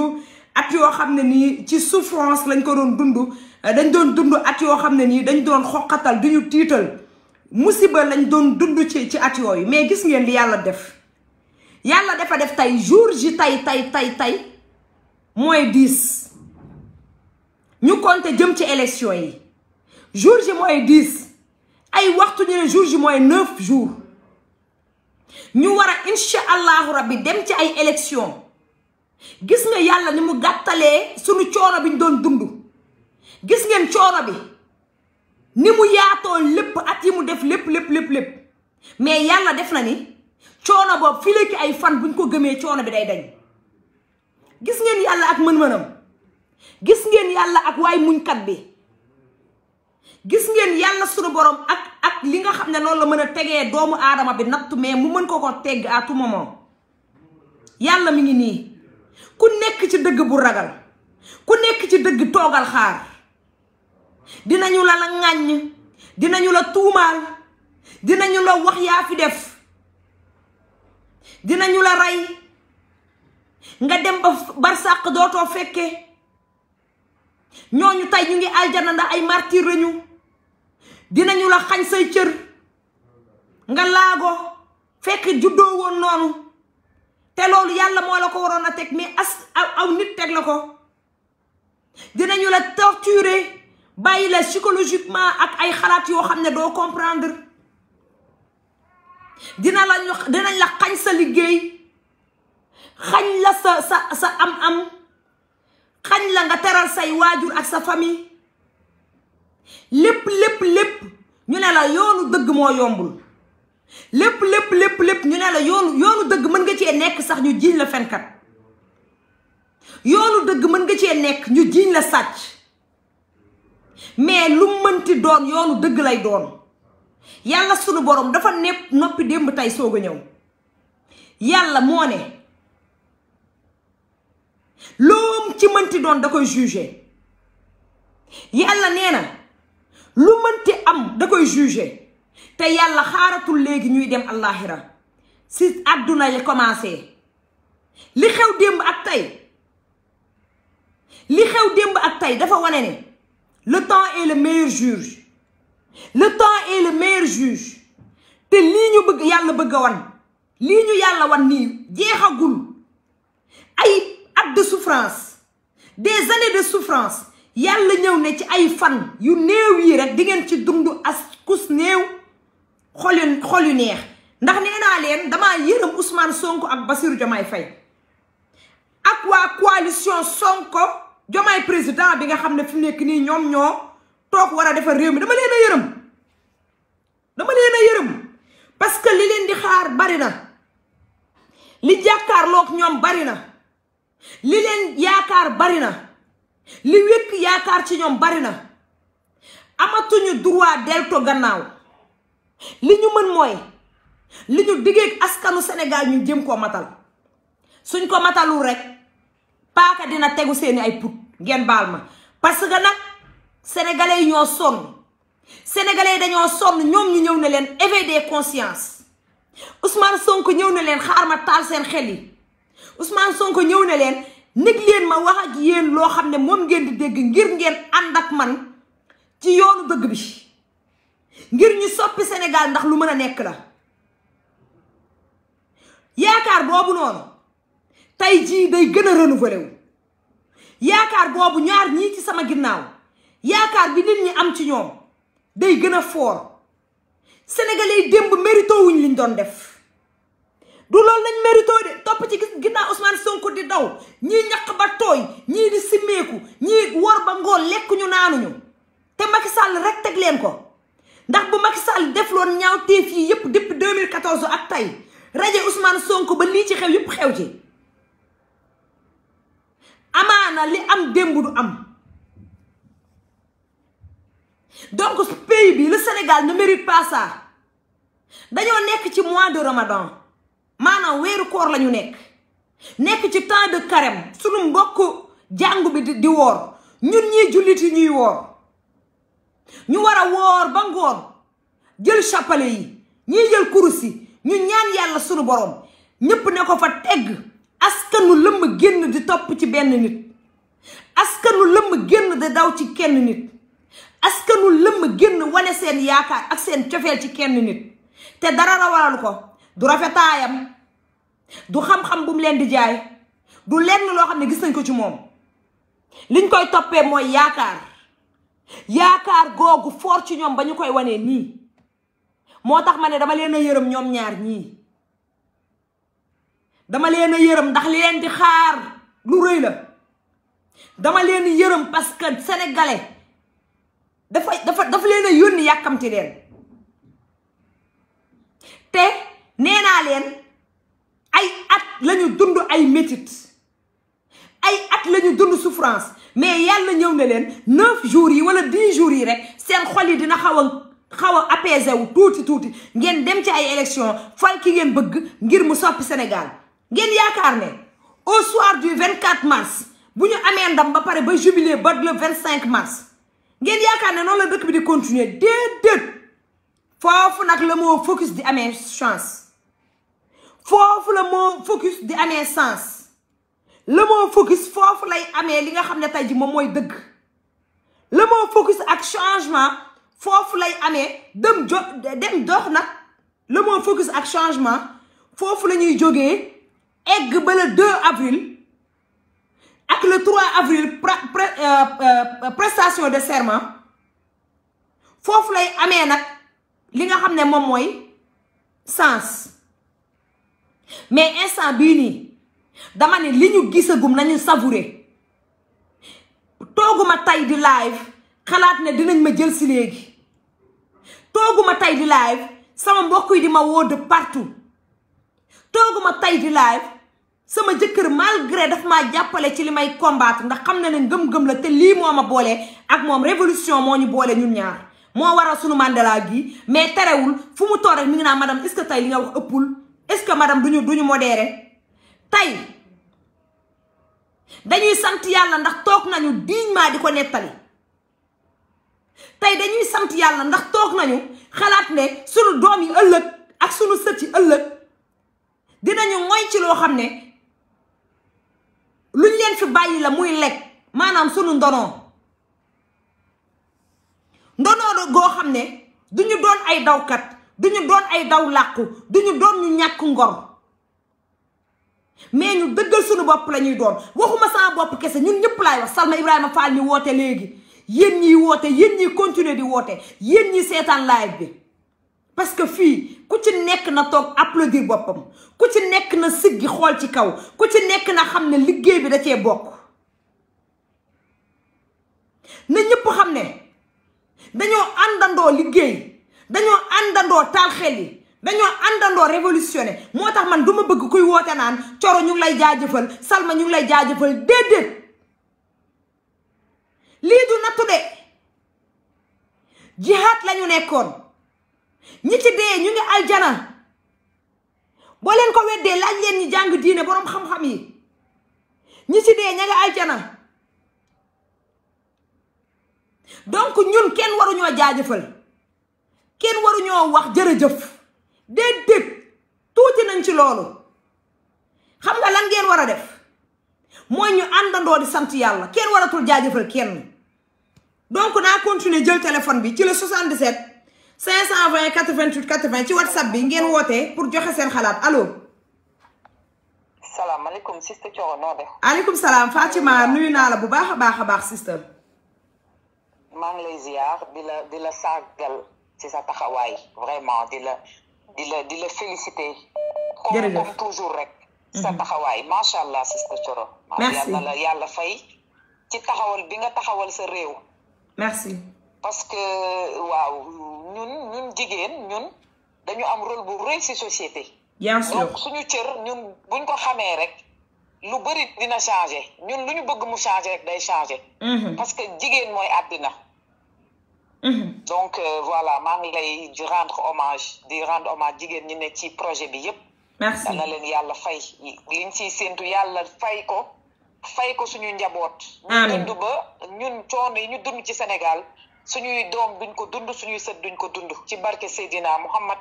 at yoo xam ne nii ci souffrance lañ ko doon dund dañ doon dund at yoo xam ne nii dañ doon xoqatal duñu tiital musiba lañ doon dund ci ci at yi mais gis ngeen li yàlla def yàlla dafa def tey jour ji tey tey tey tey mooy dix ñu compter jëm ci élection yi jour ji mooy dix ay waxtu ne jour ji mooy neuf jours ñu war a incha allahu rabbi dem ci ay élection gis nga yàlla ni mu gàttalee suñu coono bi ñu doon dund gis ngeen coono bi ni mu yaatoon lépp at yi mu def lépp lépp lépp lépp mais yàlla def na ni coono boobu fii léegi ay fan bu ñu ko gëmee coono bi day dañ gis ngeen yàlla ak mën-mënam gis ngeen yàlla ak waay muñkat bi gis ngeen yàlla suñu borom ak li nga xam ne noonu la mën a tegee doomu aadama bi nattu mais mu mën ko ko tegg à tout moment yàlla mi ngi nii ku nekk ci dëgg bu ragal ku nekk ci dëgg toogal xaar dinañu la la ŋàññ dinañu la tuumaal dinañu la wax yaa fi def dinañu la rey nga dem ba barsàq dootoo fekke ñooñu tey ñu ngi aljana ndax ay martir lañu dinañu la xañ say cër nga laago fekk juddoo woon noonu te loolu yàlla moo la ko waroon a teg mais as aw nit teg la ko dinañu la torturer bàyyi la psychologiquement ak ay xalaat yoo xam ne doo comprendre dina la dinañ la xañ sa liggéey xañ la sa sa sa am-am xañ la nga teral say waajur ak sa famille lépp lépp lépp ñu ne la yoonu dëgg moo yombul lépp lépp lépp lépp ñu ne la yoonu yoonu dëgg mën nga cee nekk sax ñu jiiñ la fenkat yoonu dëgg mën nga cee nekk ñu jiiñ la sàcc mais lu mënti doon yoonu dëgg lay doon yàlla sunu boroom dafa nepp noppi démb tey soog a ñëw yàlla moo ne loom ci mënti doon da koy jugé yàlla nee na lu mënti am da koy jugé te yàlla xaaratul léegi ñuy dem allahira si àdduna ya commencé li xew démb ak li xew démb ak tey dafa wane ne le temps est le meilleur juge le temps est le meilleur juge te lii ñu bëgg yàlla bëgg a wan lii ñu yàlla wan nii jeexagul ay at de souffrance des années de souffrance yàlla ñëw ne ci ay fan yu néew yii rek di ngeen ci dund as kus néew xol yu xol yu neex ndax nee naa leen damaa yërëm Ousmane Sonko ak Bassirou Diomaye Faye ak waa coalition Sonko Diomaye président bi nga xam ne fi mu nekk nii ñoom ñoo toog war a defar réew mi dama leen a yërëm dama leen a yërëm parce que li leen di xaar bari na li jàkkaarloog ñoom bari na li leen yaakaar bari na. li wékk yaakaar ci ñoom bari na amatuñu droit delto gannaaw li ñu mën mooy li ñu diggee askanu Sénégal ñu jëm ko matal suñ ko matalul rek paaka dina tegu seeni ay put ngeen baal ma parce que nag sénégalais yi ñoo sonn sénégalais yi dañoo sonn ñoom ñu ñëw ne leen éveil des consciences Ousmane Sonko ñëw ne leen xaar ma taal seen xel yi Ousmane Sonko ñëw ne leen nit leen ma wax ak yéen loo xam ne moom ngeen di dégg ngir ngeen ànd ak man ci yoonu dëgg bi ngir ñi soppi Sénégal ndax lu mën a nekk la yaakaar boobu noonu tey jii day gën a renouveler wu yaakaar boobu ñaar ñii ci sama ginnaaw yaakaar bi nit ñi am ci ñoom day gën a foor sénégalais démb mérito wuñ liñ doon def du loolu lañ mérito de topp ci gis ginnaaw Ousmane Sonko di daw ñii ñaq ba tooy ñii di simmeeku ñii wor ba ngoon lekkuñu naanuñu te Macky Sall rek teg leen ko ndax bu Macky Sall def loon ñaaw téef yi yépp depuis ak tey rajo Ousmane Sonko ba lii ci xew yépp xew ci amaana li am démb du am donc pays bi le Sénégal ne mérite pas dañoo nekk ci mois de Ramadan maanaam weeru koor lañu nekk nekk ci temps de carême sunu mbokk jàngu bi di woor ñun ñii jullit yi ñuy woor ñu war a woor ba ngoon jël chapale yi ñii jël kurus yi ñu ñaan yàlla sunu borom ñépp ne ko fa tegg askanu lëmm génn di topp ci benn nit askanu lëmm génn di daw ci kenn nit askanu lëmm génn wane seen yaakaar ak seen cofeel ci kenn nit te dara rawalalu ko du rafetaayam du xam-xam bu mu leen di jaay du lenn loo xam ne gis nañ ko ci moom liñ koy toppee mooy yaakaar yaakaar googu fort ci ñoom ba ñu koy wanee nii moo tax ma ne dama leen a yërëm ñoom ñaar nii dama leen yërëm ndax li leen di xaar lu rëy la dama leen yërëm parce que sénégalais dafa dafa dafa leen a yàkkamti leen te nee naa leen ay at lañu dund ay métit ay at lañu dund souffrance mais yàlla ñëw na leen neuf jours yi walla dix jours yi rek seen xol yi dina xaw a xaw a apaisé wu tuuti tuuti ngeen dem ci ay élection fal ki ngeen bëgg ngir mu soppi Sénégal ngeen yaakaar ne au soir du 24 mars bu ñu amee ndam ba pare ba jubilé ba le 25 mars ngeen yaakaar ne noonu la dëkk bi di continuer déedéet foofu nag la moo focus di amee chance foofu la moo focus di amee sens le mot focus foofu lay amee li nga xam ne tey ji moom mooy dëgg le mot focus ak changement foofu lay amee dem jo dem dox nag le mot focus ak changement foofu la ñuy jógee egg ba le 2 avril ak le 3 avril euh, euh, prestation de serment foofu lay amee nag li nga xam ne moom mooy sens mais instant bii nii dama ne li ñu gisagum nañu savourer tooguma tay di live xalaat ne dinañ ma jël si léegi tooguma tay di live sama mbokk yi di ma woo de partout tooguma tay di live sama jëkkër malgré daf maa jàppale ci li may combattre ndax xam na ne ngëm-ngëm la te lii moo ma boole ak moom révolution moo ñu boole ñun ñaar moo waral sunu Mandela gi mais terewul fu mu toog rek mi ngi naan madame est-ce que tey li nga wax ëppul est-ce que madame duñu duñu modéré tey dañuy sant yàlla ndax toog nañu dignement di ko nettali tey dañuy sant yàlla ndax toog nañu xalaat ne sunu doom yi ëllëg ak sunu sët yi ëllëg dinañu moy ci loo xam ne luñ leen fi bàyyi la muy lekk maanaam sunu ndono ndono goo xam ne duñu doon ay dawkat duñu doon ay daw làqu duñu doon ñu ñàkk ngor mais ñu dëggal suñu bopp lañuy ñuy doon waxuma sama bopp kese ñun ñëpp laay wax Salma Ibrahima Fall ñu woote léegi yéen ñiy woote yéen ñi continuer di woote yéen ñi seetaan live bi parce que fii ku ci nekk na toog applaudir boppam ku ci nekk na siggi xool ci kaw ku ci nekk na xam ne liggéey bi da cee bokk na ñëpp xam ne dañoo àndandoo liggéey dañoo àndandoo taal xel yi dañoo àndandoo révolutionné moo tax man du ma bëgg kuy woote naan coro ñu ngi lay jaajëfal salma ñu ngi lay jaajëfal déedéet lii du nattu de jihaat lañu nekkoon ñi ci dee ñu ngi aljana boo leen ko weddee laaj leen ñi jàng diine boroom xam-xam yi ñi ci dee ña nga aljana donc ñun kenn waruñoo jaajëfal kenn waruñoo wax jërëjëf déedéet tuuti nañ ci loolu xam nga lan ngeen war a def mooy ñu àndandoo di sant yàlla kenn waratul jaajëfal kenn donc naa continuer jël téléphone bi ci le 77 520 88 80 ci whatsapp bi ngeen wootee pour joxe seen xalaat allo. salaamaaleykum sista Thioro noo def. aleykum salaam Fatima nuyu naa la bu baax a baax a baax sista. maa ngi di la di la sargal. ci sa taxawaay vraiment di la di la di la féliciter comme comme toujours rek sa mhm. taxawaay macha allah sister Thioro yàlla yàlla fay ci taxawal bi nga taxawal sa réew parce que waaw ñun ñun jigéen ñun dañu am rôle bu rëy ci société bien sûr suñu cër ñun buñ ko xamee rek lu bëri dina changer ñun lu ñu bëgg mu changer rek day changer mhm. parce que jigéen mooy àddina Mm-hmm. donc euh, voilà maa ngi lay di rendre hommage di rendre hommage jigéen ñi ne ci projet bi yépp dana leen yàlla fay liñ ciy séentu yàlla fay ko fay ko suñu njaboot ñu dund ba ñun coono yi ñu dund ci Sénégal suñuy doom duñ ko dund suñuy sët duñ ko dund ci barke Seydina Muhammad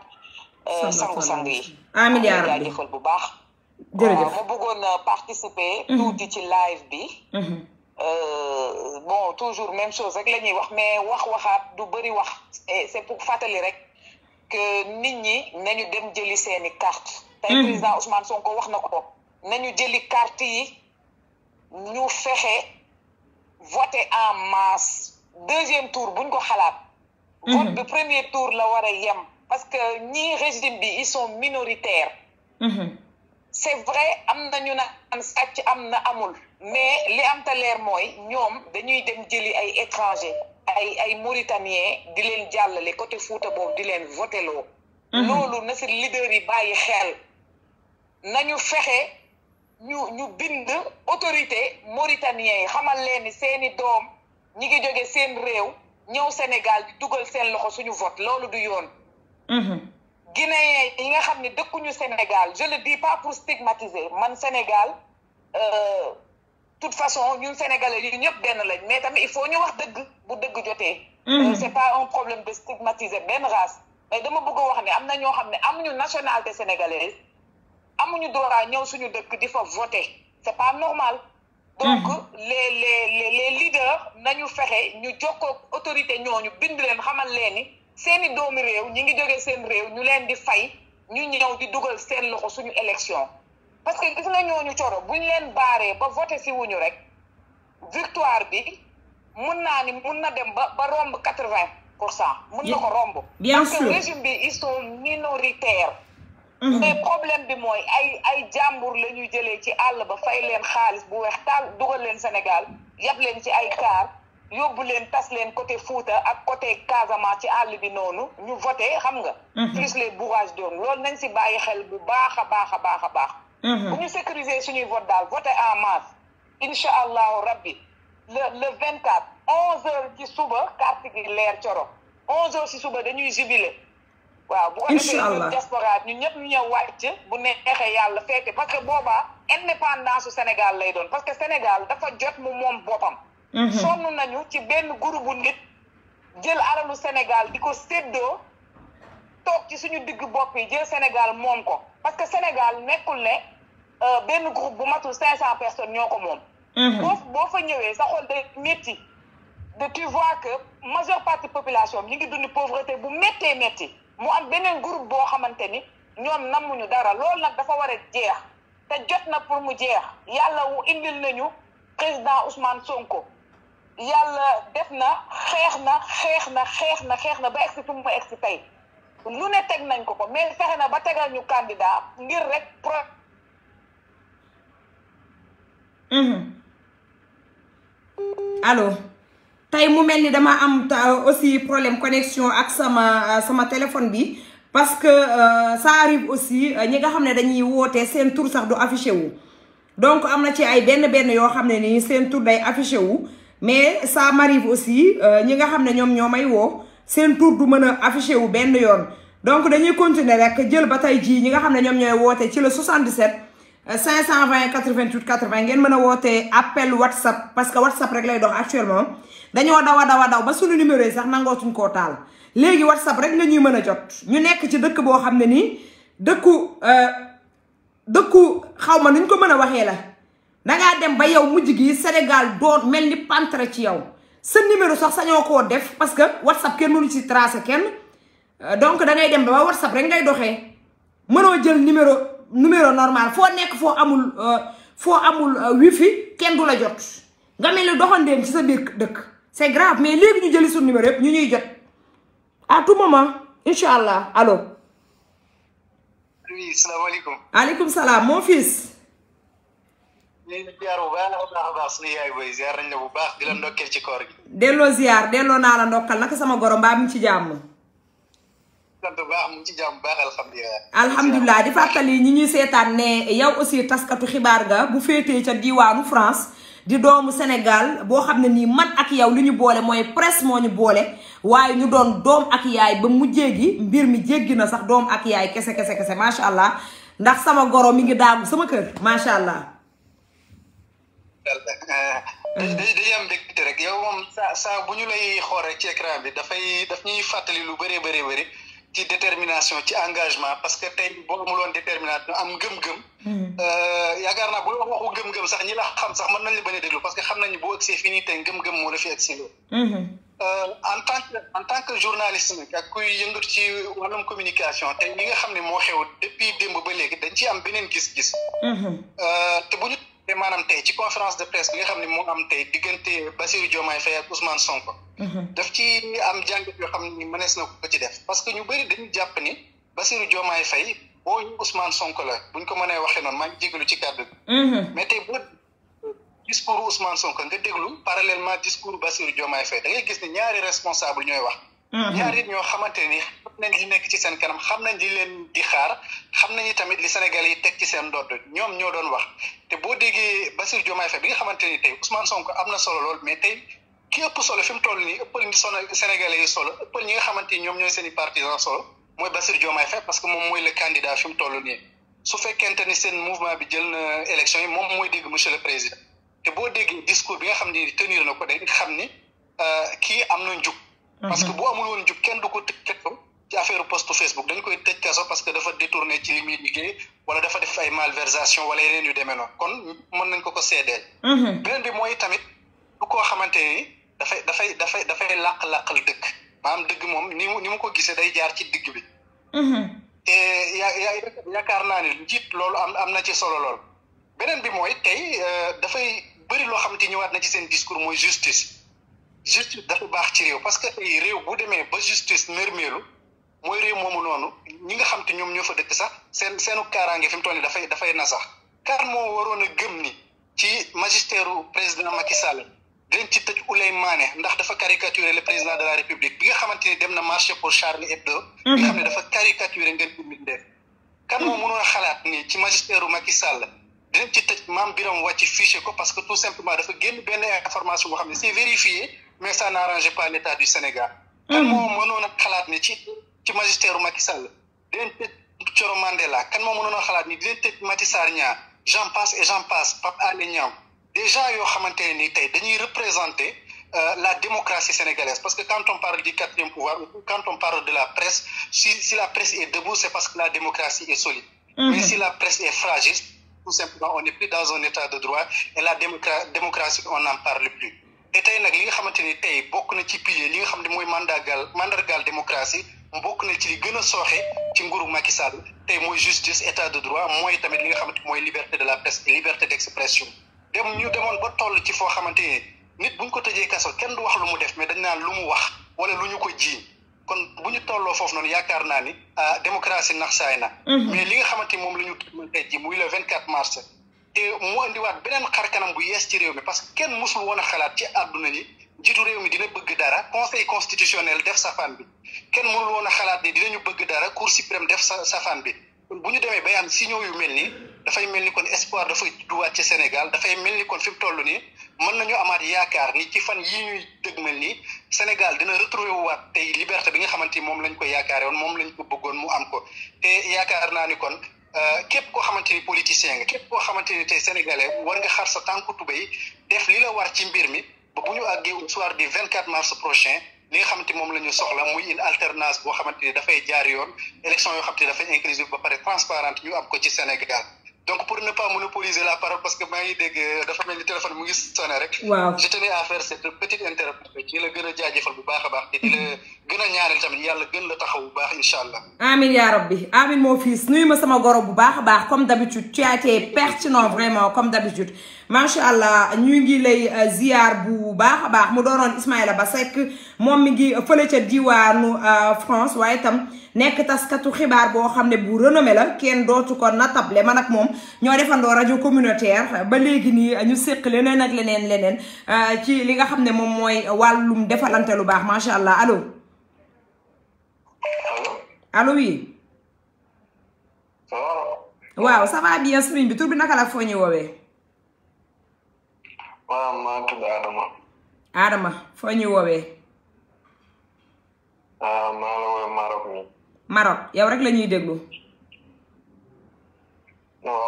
euh, sangu-sang yi amiin yaa rabbi jaajëfal bu baax jërëjëf ma bëggoon euh, participer mm-hmm. tuuti ci live bi mm-hmm. Euh, bon toujours même chose rek lañuy wax mais wax waxaat du bëri wax et c'est pour fàttali rek que nit ñi nañu dem jëli seeni carte tey président son ko wax na ko nañu jëli carte yi ñu fexe voter en masse deuxième tour buñ ko xalaat vote bi premier tour la war a yem parce que ñii régime bi ils sont minoritaires c'est vrai am na ñu naan sàcc am na amul mais li am taleer mooy ñoom dañuy dem jëli ay étranger ay ay mauritanien di leen jàllale côté Fuuta boobu di leen voteloo mhm. loolu na si leader yi bàyyi xel nañu fexe ñu ñu bind autorité mauritanien yi xamal leen ni seeni doom ñi ngi jóge seen réew ñëw Sénégal di dugal seen loxo suñu vote loolu du yoon mhm. guinéen yi nga xam ne dëkkuñu Sénégal je le dis pas pour stigmatiser man Sénégal euh, tout façon ñun sénégalais yi ñëpp benn lañ mais tamit il faut ñu wax dëgg bu dëgg jotee. Mm. Euh, c'est pas un problème de stigmatiser benn race. mais dama bëgg a wax ne am na ñoo xam ne am amuñu nationalité sénégalaise amuñu droit ñëw suñu dëkk di fa voter c'est pas normal. Mm. donc les les les leaders nañu fexe ñu jokkoo autorité ñooñu bind leen xamal leen ni. seeni doomi réew ñi ngi jógee seen réew ñu leen di fay ñu ñëw di dugal seen loxo suñu élection parce que gis nga ñu coro buñ leen baaree ba voté si wuñu rek victoire bi mun naa ni mun na dem ba ba romb quatre vingt pour cent mun na ko romb bien sûr parce que régime bi ils sont mm-hmm. problème bi mooy ay ay jàmbur lañuy jëlee ci àll ba fay leen xaalis bu weex taal dugal leen Sénégal yab leen ci ay kaar yóbbu leen tas leen côté Fouta ak côté Casamance ci àll bi noonu ñu voté xam nga. Mhm. plus les bourrages d'urne loolu nañ si bàyyi xel bu baax a baax a baax a baax. Mhm. bu ñu sécuriser suñuy vote daal voté en masse incha allah rabbi le le vingt quatre onze heures ci suba carte gi leer coro onze heures ci suba dañuy jubilé. waaw bu ko defee ñun diaspora ñun ñëpp ñu ñëw wàcc bu neexee yàlla feete parce que boobaa indépendance su Sénégal lay doon parce que Sénégal dafa jot mu moom boppam. Mhm. sonn nañu ci benn groupe nit jël alalu Sénégal di ko séddo toog ci suñu diggu bopp yi jël Sénégal moom ko parce que Sénégal nekkul ne euh, benn groupe bu matul cinq cent personnes ñoo ko moom mhm. boo boo fa ñëwee sa xol day métti de tu vois que majeure partie population bi ngi dund pauvreté bu méttee métti mu am beneen group boo xamante ni ñoom ñu dara loolu nag dafa war a jeex te jot na pour mu jeex yàlla wu indil nañu président Ousmane Sonko yàlla def na xeex na xeex na xeex na xeex na ba egsi fu mu fa egsi tey lu ne teg nañ ko ko mais fexe na ba tegal ñu candidat ngir rek pro. Mhm. allo tey mu mel ni dama am aussi problème connexion ak sama sama téléphone bi parce que euh, ça arrive aussi euh, ñi nga xam ne dañuy woote seen tur sax du affiché wu donc am na ci ay benn benn yoo xam ne nii seen tur day affiché wu. mais ça m'arrive aussi euh, ñi nga xam ne ñoom ñoo may woo seen tour du mën a affiché wu benn yoon donc dañuy continuer rek jël ba tey jii ñi nga xam ne ñoom ñooy woote ci le 77 520 88 80 ngeen mën a wootee appel whatsapp parce que whatsapp rek lay dox actuellement dañoo daw a daw a daw ba suñu numéro yi sax nangootuñ koo taal léegi whatsapp rek la ñuy mën a jot ñu nekk ci dëkk boo xam ne nii dëkku euh, dëkku xaw ma nuñ ko mën a waxee la dangaa dem ba yow mujj gi Sénégal doo mel ni pantre ci yow sa numéro sax sañoo koo def parce que WhatsApp kenn mënu ci tracé kenn euh, donc da ngay dem ba WhatsApp rek ngay doxee mënoo jël numéro numéro normal foo nekk foo amul euh, foo amul euh, wifi kenn du la jot nga mel ni doxandéem ci sa biir dëkk c'est grave mais léegi ñu jëli suñu numéro yëpp ñu ñuy jot à tout moment incha allah allo. oui maaleykum salaam mon fils. ñu ngi ziar bu ci koor gi. delloo ziar delloo naa la ndokkal naka sama goro mbaa mi ci jàmm. sant bu baax mu ci jàmm baax alhamdulilah. alhamdulilah ñuy seetaan ne yow aussi taskatu xibaar ga bu féetee ca diwaanu France. di doomu Sénégal boo xam ne nii man ak yow li ñu boole mooy presse moo ñu boole waaye ñu doon doom ak yaay ba mu gi mbir mi jéggi na sax doom ak yaay kese kese kese macha allah ndax sama goro mi ngi daagu sama kër macha allah. day day am mbégte rek yow moom saa saa bu ñu lay xooree ci écran bi dafay daf ñuy fàttali lu bëree bëri bëri ci détermination ci engagement parce que tey boo amuloon détermination am gëm-gëm. Hmm. Euh, yaakaar naa bu la gëm-gëm sax ñi la xam sax mën nañ la bañ a parce que xam nañ boo agsee fii nii tey gëm-gëm moo la fi agsi hmm. euh, en tant que en tant que journaliste ak kuy yëngatu ci wàllum communication tey li nga xam ne moo xew depuis démb ba léegi dañ ci am beneen gis-gis. Hmm. Euh, te bu ñu te maanaam tey ci conférence de presse bi nga xam ne moo am tey diggante Bassirou Diomaye Faye ak Ousmane Sonko. Mhm. daf ci am jàng yoo xam ni mënees na ko ci def parce que ñu bëri dañu jàpp ni Bassirou Diomaye Faye boo ñu Ousmane Sonko la ñu ko mënee waxee noonu maa ngi jégalu ci kàddu bi. Mhm. mais tey boo discours Ousmane Sonko nga déglu parallèlement discours Bassirou Diomaye Faye da ngay gis ne ñaari responsable ñooy wax. Mm-hmm. ñaar it ñoo xamante ni xam nañ li nekk ci seen kanam xam nañ li leen di xaar xam nañu tamit li Sénégal yi teg ci seen ndodd ñoom ñoo doon wax te boo déggee Bassirou Diomaye Faye bi nga xamante ni tey Ousmane Sonko am na solo lool mais tey ki ëpp solo fi mu toll nii ëpp ni sono Sénégalais yi solo ëppal ñi nga xamante ni ñoom ñooy seeni i partisan solo mooy Bassirou Diomaye Faye parce que moom mooy le candidat fi mu toll nii su fekkente ni seen mouvement bi jël na élection yi moom mooy dégg monsieur le président te boo déggee discours bi nga xam ne tenir na ko dañ xam ni euh, kii am na njug parce que mhm. boo amul woon jub kenn du ko tëj kaso ci affaire post Facebook dañ koy tëj kaso parce que dafa détourné ci li muy liggéey wala dafa def ay malversation wala yeneen yu demee noonu kon mën nañ ko ko seedeel. Mhm. beneen bi mooy tamit du koo xamante ni dafay dafay dafay dafay làq-làqal dëgg dëgg moom ni mu ni mu ko gisee day jaar ci digg bi. Mhm. te yaa yaakaar naa ni njiit loolu am am na ci solo lool beneen bi mooy tey euh, dafay bëri loo xamante ñëwaat na ci seen discours mooy justice. justice dafa baax ci réew parce que tey réew bu demee ba justice nërmeelu mooy réew moomu noonu ñi nga xam te ñoom ñoo fa dëkk sax seen seenu kaaraange fi mu toll nii dafay dafay na sax kaar moo waroon a gëm ni ci magistèru président Macky Sall dinañ ci tëj Souleymane ndax dafa caricaturer le président de la république bi nga xamante ni dem na marché pour Charlie Hebdo. bi nga xam ne dafa caricaturer ngeen ko mbindee. kan mu mënoon xalaat ni ci magistèru Macky Sall dinañ ci tëj maam Biram wàcc fiché ko parce que tout simplement dafa génn benn information boo xam ne c'est vérifié. mais ça n'arrange pas l'état du Sénégal. Hmm. kan moo mënoon a xalaat ni ci ci magistère Macky Sall dinañ tëj Coro Mandela kan moo mënoon a xalaat ni dinañ tëj Mati Sarr Niang j'en passe et j'en passe Pape Alé Niang déjà yoo xamante ne nii tey dañuy représenter euh, la démocratie sénégalaise parce que quand on parle du de la presse si la presse est debout c'est parce que la démocratie est solide. Hmm. mais si la presse est fragile tout simplement on n'est plus dans un état te tey nag li nga xamante ni tey bokk na ci pilier li nga xam ne mooy mandargaal mandargal démocratie bokk na ci li gën a sooxe ci nguru Macky Sall tey mooy justice état de droit mooy tamit li nga xamante mooy liberté de la presse et liberté d'expression. dem ñu demoon ba toll ci foo xamante ni nit bu ñu ko tëjee kaso kenn du wax lu mu def mais dañ naan lu mu wax wala lu ñu ko jiiñ kon bu ñu tolloo foofu noonu yaakaar naa ni ah démocratie nax saay na. Mhm. mais li nga xamante moom la ñu ji muy le 24 mars. mu indiwaat beneen xar kanam bu yees ci réew mi parce que kenn musul woona a xalaat ci àdduna ni jiitu réew mi dina bëgg dara conseil constitutionnel def safaan bi kenn mënul woon a xalaat ni dinañu bëgg dara cour suprême def sa safaan bi bu ñu demee ba am ñëw yu mel nii dafay mel ni kon espoir dafay duwaat ci Sénégal dafay mel ni kon fi mu toll nii mën nañu amaat yaakaar nii ci fan yii ñuy dëgmal nii Sénégal dina retrouver waat tey liberté bi nga xamante ni moom lañ ko yaakaare woon moom lañ ko bëggoon mu am ko te yaakaar naa ni kon Euh, képp koo xamante ni politicien nga képp koo xamante ni tey bu war nga xar sa tànku tubéy def li la war ci mbir mi ba bu ñu àggee au soir du 24 mars prochain li nga xamante moom la ñu soxla muy une alternance boo xamante ni dafay jaar yoon élection yoo xamante ni dafay inclusive ba pare transparente ñu am ko ci Sénégal. donc pour ne pas monopoliser la parole parce que maa dégg dafa mel ni téléphone mu ngi sonné rek. waaw je tenais à faire cette petite ci la gën a jaajëfal bu baax a baax. te di la gën a ñaanal tam yàlla gën la taxaw bu baax incha allah. amin yaa rabbi amin moo fiis nuyu ma sama goro bu baax a baax comme d'habitude tu as été pertinent vraiment comme d'habitude macha allah ñu ngi lay euh, ziar bu baax a baax mu doonoon Ismaïla Ba Seck moom mi ngi fële ca diwaanu euh, France waaye tam. nekk taskatu xibaar boo xam ne bu renommé la kenn dootu ko natable man ak moom ñoo defandoo rajo communautaire ba léegi nii ñu séq leneen ak leneen leneen euh, ci li nga xam ne moom mooy wàllum defalante lu baax macha allah allo. allo oui. waaw ça va bien sëriñ bi tur bi naka la foo ñuy woowee. waaw Adama. foo ñuy woowee. Euh, Maroc yow rek la ñuy déglu. waaw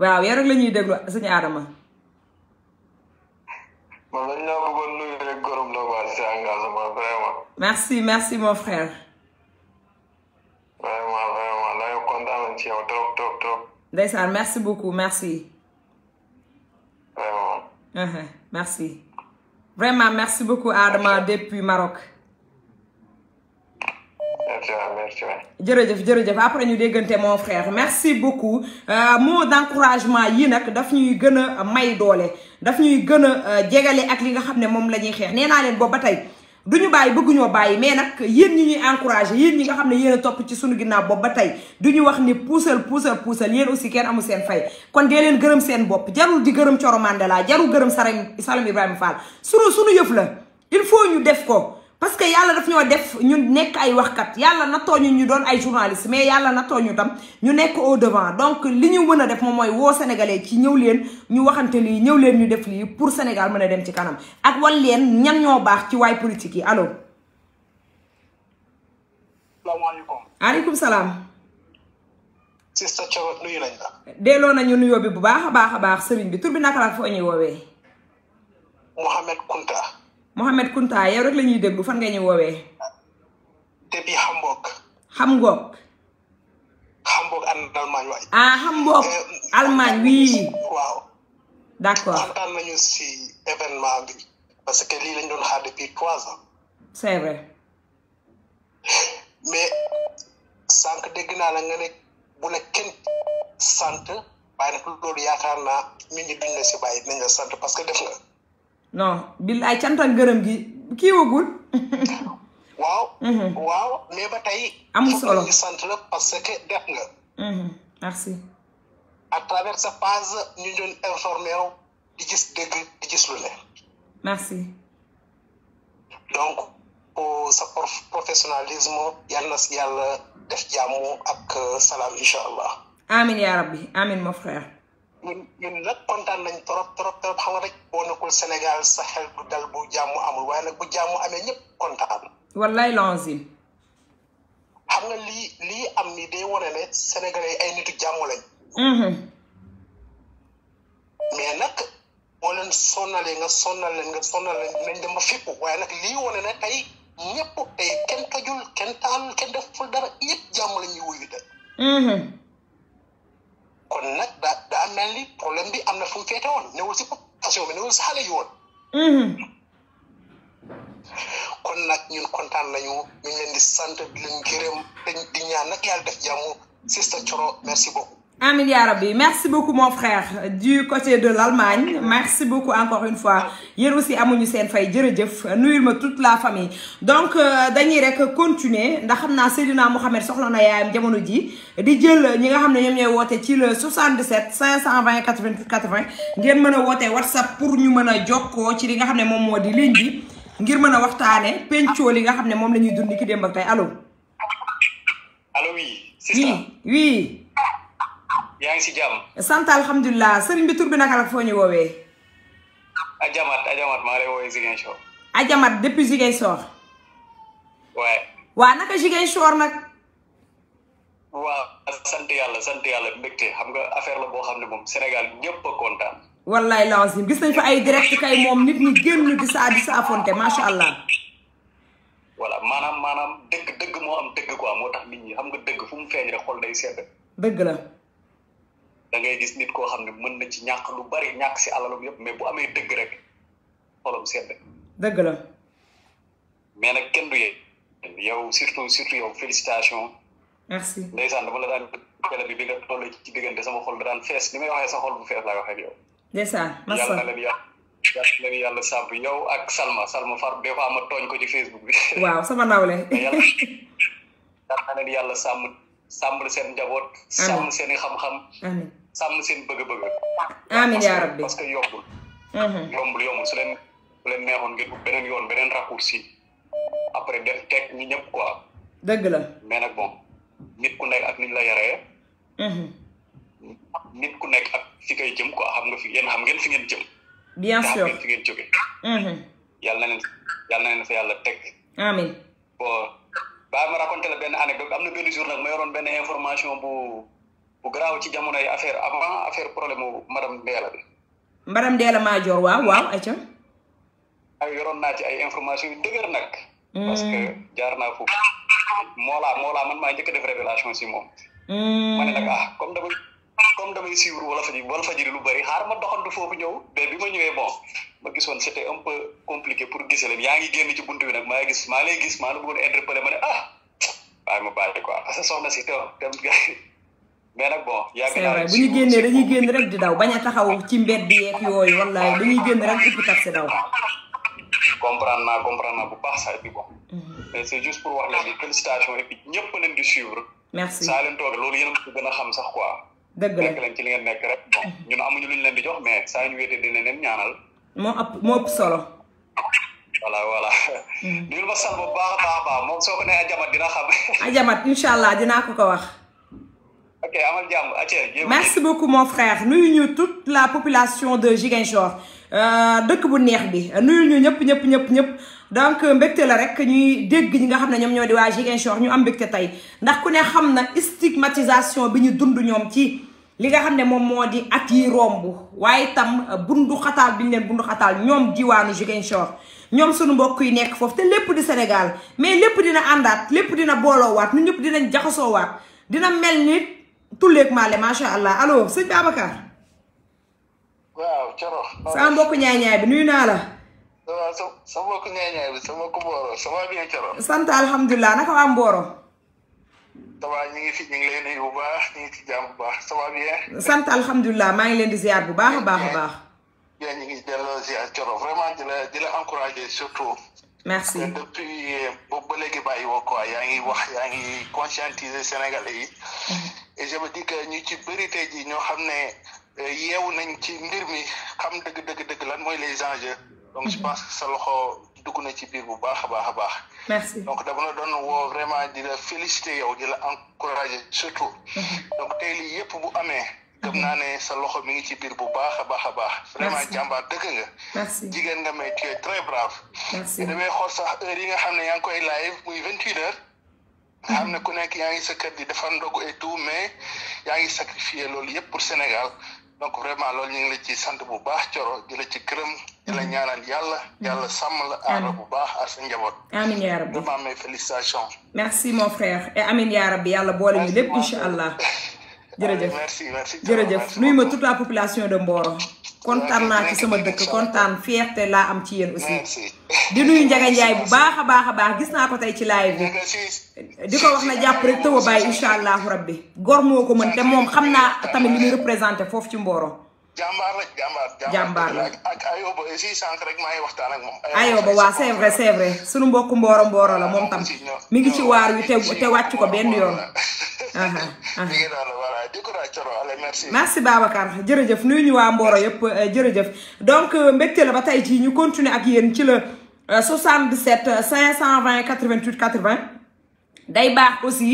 waaw yow rek la ñuy déglu sëñ Adama. man dañ laa bëggoon nuyu la quoi si engagement merci merci mon frère. vraiment vraiment lay kontaan nañ ci merci merci. Uh-huh, merci. vraiment merci beaucoup Adama depuis Maroc. merci merci jërëjëf jërëjëf après ñu déggante mon frère merci beaucoup euh, mot d'encouragement yi nag daf ñuy gën a may doole daf ñuy gën a euh, jegale ak li nga xam ne moom la ñuy xeex nee naa leen boobu ba tey du ñu bàyyi bëgguñoo bàyyi mais nag yéen ñi ñuy encouragé yéen ñi nga xam ne yéen a topp ci suñu ginnaaw bopp ba tey du ñu wax ni puusal puusal puusal yéen aussi kenn amul seen fay kon dee leen gërëm seen bopp jarul di gërëm Coro Mandela jarul gërëm Salam Ibrahima Fall sunu sunu yëf la il faut ñu def ko parce que yàlla daf ñoo def ñu nekk ay waxkat yàlla nattoo ñu ñu doon ay journaliste mais yàlla nattoo ñu tam ñu nekk au devant donc li ñu mën a def moom mooy woo sénégalais ci ñëw leen ñu waxante lii ñëw leen ñu def lii pour Sénégal mën a dem ci kanam ak wan leen ñan ñoo baax ci waay politique yi allo. salaamaaleykum. maaleykum salaam. sista Thioro nuyu nañ la. delloo bu baax a baax a baax sëriñ bi tur bi naka la foo ñuy woowee. Mohamed Kunta yow rek la ñuy déglu fan nga ñu woowee. depuis Hamburg. Hamburg. Hamburg en Allemagne waay. ah Hamburg euh, Allemagne oui. waaw. d' accord nañu si événement bi. parce que lii lañ doon xaar depuis trois ans. c' mais sànq dégg naa la nga ne bu la kenn sant waaye nag loolu yaakaar naa nit ñi duñ la si bàyyi nañ la parce que def nga. non billaay cant ak gërëm gi kii [laughs] waaw mhm. waaw mais ba tey amul solo sant la parce que def nga mhm. merci à travers sa page ñu doon informé wu di gis dëgg di gis lu ne merci donc sa professionnalisme yal na si yàlla def jàmm ak euh, salaam incha allah amin yaa rabbi amin mon ñun ñun nag kontaan nañ trop trop trop xam nga rek boo nekkul Sénégal sa xel du dal bu jàmm amul waaye nag bu jàmm amee ñëpp kontaan. wallaay lanzim. xam nga lii lii am ni day wane ne Sénégalais yi ay nitu jàmm lañ. Mm-hmm. mais nag boo leen sonalee nga sonal leen nga sonal leen dinañ dem ba fippu waaye nag lii wane ne tey ñëpp tey kenn tojul kenn taalul kenn deful dara ñëpp jàmm la ñuy wuyu de. Mm-hmm. kon nag daa daa mel ni problème bi am na fu mu woon newul si population bi newul si xale yi woon. Mhm. kon nag ñun kontaan nañu ñu ngi leen di sant di leen gërëm di ñaan nag yàlla def jàmm sista Coro merci beaucoup. un milliard bi merci beaucoup mon frère du côté de l'Allemagne merci beaucoup encore une fois yéen aussi amuñu seen fay jërëjëf nuyul ma toute la famille donc euh, dañuy rek continuer ndax xam naa Seydina Mohamed soxla na yaayam jamono ji di jël ñi nga xam ne ñoom ñooy woote ci le 77 520 88 80 ngeen mën a woote WhatsApp pour ñu mën a jokkoo ci li nga xam ne moom moo di ligne bi ngir mën a waxtaane pencoo li nga xam ne moom la ñuy dund ki démb ak tey yaa ngi si jàmm. sant alhamdulilah sëriñ bi tur bi naka la foo ñu woowee. Ajamat Ajamat maa ngi lay woowee Ziguinchor. Ajamat depuis Ziguinchor. waaye. waa naka Ziguinchor nag. waa sant yàlla sant yàlla mbégte xam nga affaire la boo xam ne moom Sénégal ñëpp a kontaan. wallaay lazim gis nañ fa ay direct kay moom nit ñi génn di saa di saa fonte macha allah. voilà maanaam maanaam dëgg dëgg moo am dëgg quoi moo tax nit ñi xam nga dëgg fu mu feeñ rek day sedd. dëgg la. da ngay gis nit koo xam ne mën na ci ñàkk lu bari ñàkk si alalam yëpp mais bu amee dëgg rek xolam sedd. dëgg mais nag kenn du yee. yow surtout surtout yow félicitation. merci ndeysaan dama daan kala bi bi nga ci diggante sama xol da daan fees ni may waxee sa xol bu fees laay waxee ak yow. ndeysaan masa yàlla na leen yàlla yàlla na yàlla sàmp yow ak Salma Salma far des fois ma tooñ ko ci Facebook bi. [laughs] waaw sama nawle. [laughs] yàlla sàmm sàmm seen njaboot. sàmm seen sàmm seen bëgg-bëgg. amiin yaa rabbi parce que yombul. Mhm. yombul yombul su leen su leen neexoon ngeen ut beneen yoon beneen raccourci après def teg ñi ñëpp dëgg la mais nag nit ku nekk ak niñ la yaree. Mhm. nit ku nekk ak fi ngay jëm quoi xam nga fi yéen xam ngeen fi ngeen jëm. bien sûr fi ngeen jógee. Mhm. yàlla na leen yàlla na leen fa yàlla teg. amiin bon ba ma raconté la benn anecdote am na benn jour nag ma yoroon information bu. bu garaaw ci jamono affaire avant affaire problème mu madame ma bi. madame Ndella Madior waaw waaw ayca. ay yoroon naa ci ay information yu dëgër nag. Hmm. parce que jaar naa foofu. man maa njëkk def révélation si moom. Hmm. ma ne nag ah comme damay comme damay suivre wala fajiri lu bëri xaar ma doxantu foofu ñëw mais bi ma ñëwee bon ma gisoon c' était un peu compliqué pour gise leen yaa ngi génn ci buntu bi nag maa gis maa lay gis maa la bëggoon interpellé ma ne ah waaye ma bàyyi quoi parce que soxna si te mais nag bon yàgg naa bu ñu génnee dañuy génn rek di daw bañ a taxaw ci mbedd yeeg yooyu wallaay dañuy génn rek ëpp taxi daw. comprendre naa comprendre naa bu baax sax et puis bon. Mhm. mais pour wax leen ni félicitations et ñëpp leen di suivre. merci saa leen toog loolu yéen a gën a xam sax quoi. dëgg la nekk leen ci li ngeen nekk rek bon mhm. ñun amuñu lu ñu leen di jox mais saa ñu wéetee dina leen ñaanal. moo ëpp moo ëpp solo. voilà voilà. Mhm. nuyul ma sal bu baax a baax moom soo ko nee ajamat dina xam. ajamat incha allah dinaa ko ko wax. ok amal jàmm merci beaucoup mon frère nuyu ñu toute la population de Ziguinchor euh, dëkk bu neex bi nuyu ñu ñëpp ñëpp ñëpp ñëpp donc mbégte rek ñuy dégg ñi nga xam ne ñoom ñoo di waa Ziguinchor ñu am mbégte tey ndax ku ne xam na stigmatisation bi ñu dund ñoom ci li nga xam ne moom moo di at yi romb waaye itam euh, bundu xataal bi ñu leen bundu xataal ñoom diwaanu Ziguinchor ñoom suñu mbokk yi nekk foofu te lépp di Sénégal mais lépp dina àndaat lépp dina booloo booloowaat ñun ñëpp dinañ jaxasoowaat dina mel ni tulleeg maale macha allah allo sëñ Babacar. waaw Coro. sama mbokk ñaay-ñaay bi nuyu naa la. waaw sa sa mbokk ñaay-ñaay bi sa mbokk Mboro ça va bien Coro. sant alhamdulilah naka waa Mboro. ça va ñu ngi fi ñu ngi lay nuyu bu baax ñu ngi ci jàmm bu baax ça va bien. sant alhamdulilah maa ngi leen di ziar bu baax a a baax. ñu ngi delloo Coro vraiment di la di surtout. merci bo boobu ba léegi bàyyi woo quoi yaa ngi wax yaa ngi conscientiser Sénégalais yi. Mm-hmm. et je me ñu ci bëri tey jii ñoo xam ne euh, yeewu nañ ci mbir mi xam dëgg dëgg dëgg lan mooy les enjeux. donc je mm-hmm. pense que sa loxo dugg na ci biir bu baax a baax a baax. donc dama la doon vraiment di la féliciter yow di la encourager surtout. Mm-hmm. donc tey lii yëpp bu amee. gëm mhm. naa ne sa loxo mi ngi ci biir bu baax a baax a baax. vraiment jàmbaar dëgg nga. merci jigéen nga mais tu es très brave. merci damay xool sax heure yi nga xam ne yaa ngi koy live muy vingt nga xam ne ku nekk yaa ngi sa kër di defar ndogu et tout mais yaa ngi sacrifié loolu yëpp pour Sénégal donc vraiment loolu ñu ngi la ci sant bu baax Coro di la ci gërëm. di la mhm. ñaanal yàlla mhm. yàlla la aar bu baax ak sa njaboot. amiin yaa rabbi vraiment boole ñu lépp incha allah. [laughs] jërëjëf jërëjëf nuyu ma toute la population de mbooro kontaan naa ci sama dëkk kontaan fierté laa am ci yéen aussi di nuyu Ndiaga Ndiaye bu baax a baax a baax gis naa ko tey ci laay bi di ko wax na jàpp rek tëw a bàyyi incha allahu rabbi gor moo ko mën te moom xam naa tamit li muy représenté foofu ci Mboro jàmbaar rek jàmbaar. jàmbaar la ak ayoba waa c'est vrai c'est vrai sunu mbooro mbooro la moom tam mi ngi ci waar wi te te wàcc ko benn yoon. [laughs] merci Babacar jërëjëf nuyu ñu waa Mboro yëpp euh, jërëjëf donc euh, mbégte la ba tey jii ñu continuer ak yéen ci la 77 520 88 80 day baax aussi.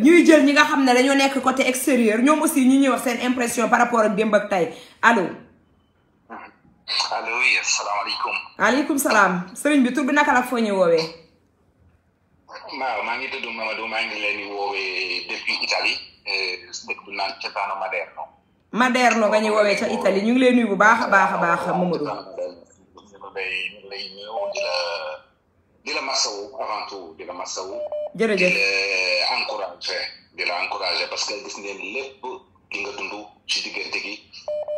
ñuy jël ñi nga xam ne dañoo nekk côté extérieur ñoom aussi ñu ñuy wax seen impression par rapport ak démb ak tey allo. allo oui asalaamaaleykum. waaleykum salaam sëriñ bi tur bi naka la foo ñu woowee. waaw maa ngi tudd Mamadou maa ngi leen di woowee depuis Italie eh, dëkk bu a Cesaano Maderno. Maderno nga ñu woowee ca Italie ñu ngi leen nuyu bu baax a baax a baax Mamadou. ñu ngi lay ñu ngi lay ñëw di di la masawu avant tout di la masawu. jërëjëf di la encouragé di la encouragé parce que gis ngeen lépp li nga dund ci diggante gi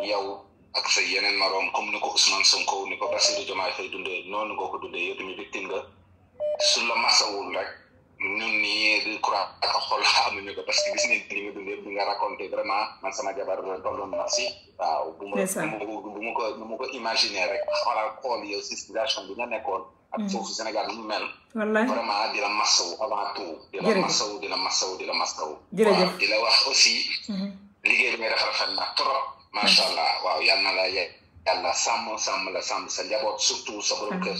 yow ak sa yeneen maroom comme ni ko Ousmane Sonko ni ko Bassirou Diomaye Faye dundee noonu nga ko dundee yow tamit victime nga su la masawul rek ñun nii di croix ak xol [laughs] amuñu ko parce que gis ngeen li nga dundee bi vraiment man sama jabar tolloon na si waaw bu ma bu ma ko bu ma imaginer rek xoolal xool yow si situation bi nga nekkoon ak mm. foofu Sénégal nu mu mel. wallaay vraiment di la masawu avant tout. di la masawu di la masawu di la masawu. jërëjëf di la wax aussi. Mm-hmm. liggéey bi nga def rafet na trop. macha mm-hmm. allah waaw yal na la yàlla sàmm sàmm la sàmm sa njaboot surtout sa borom kër.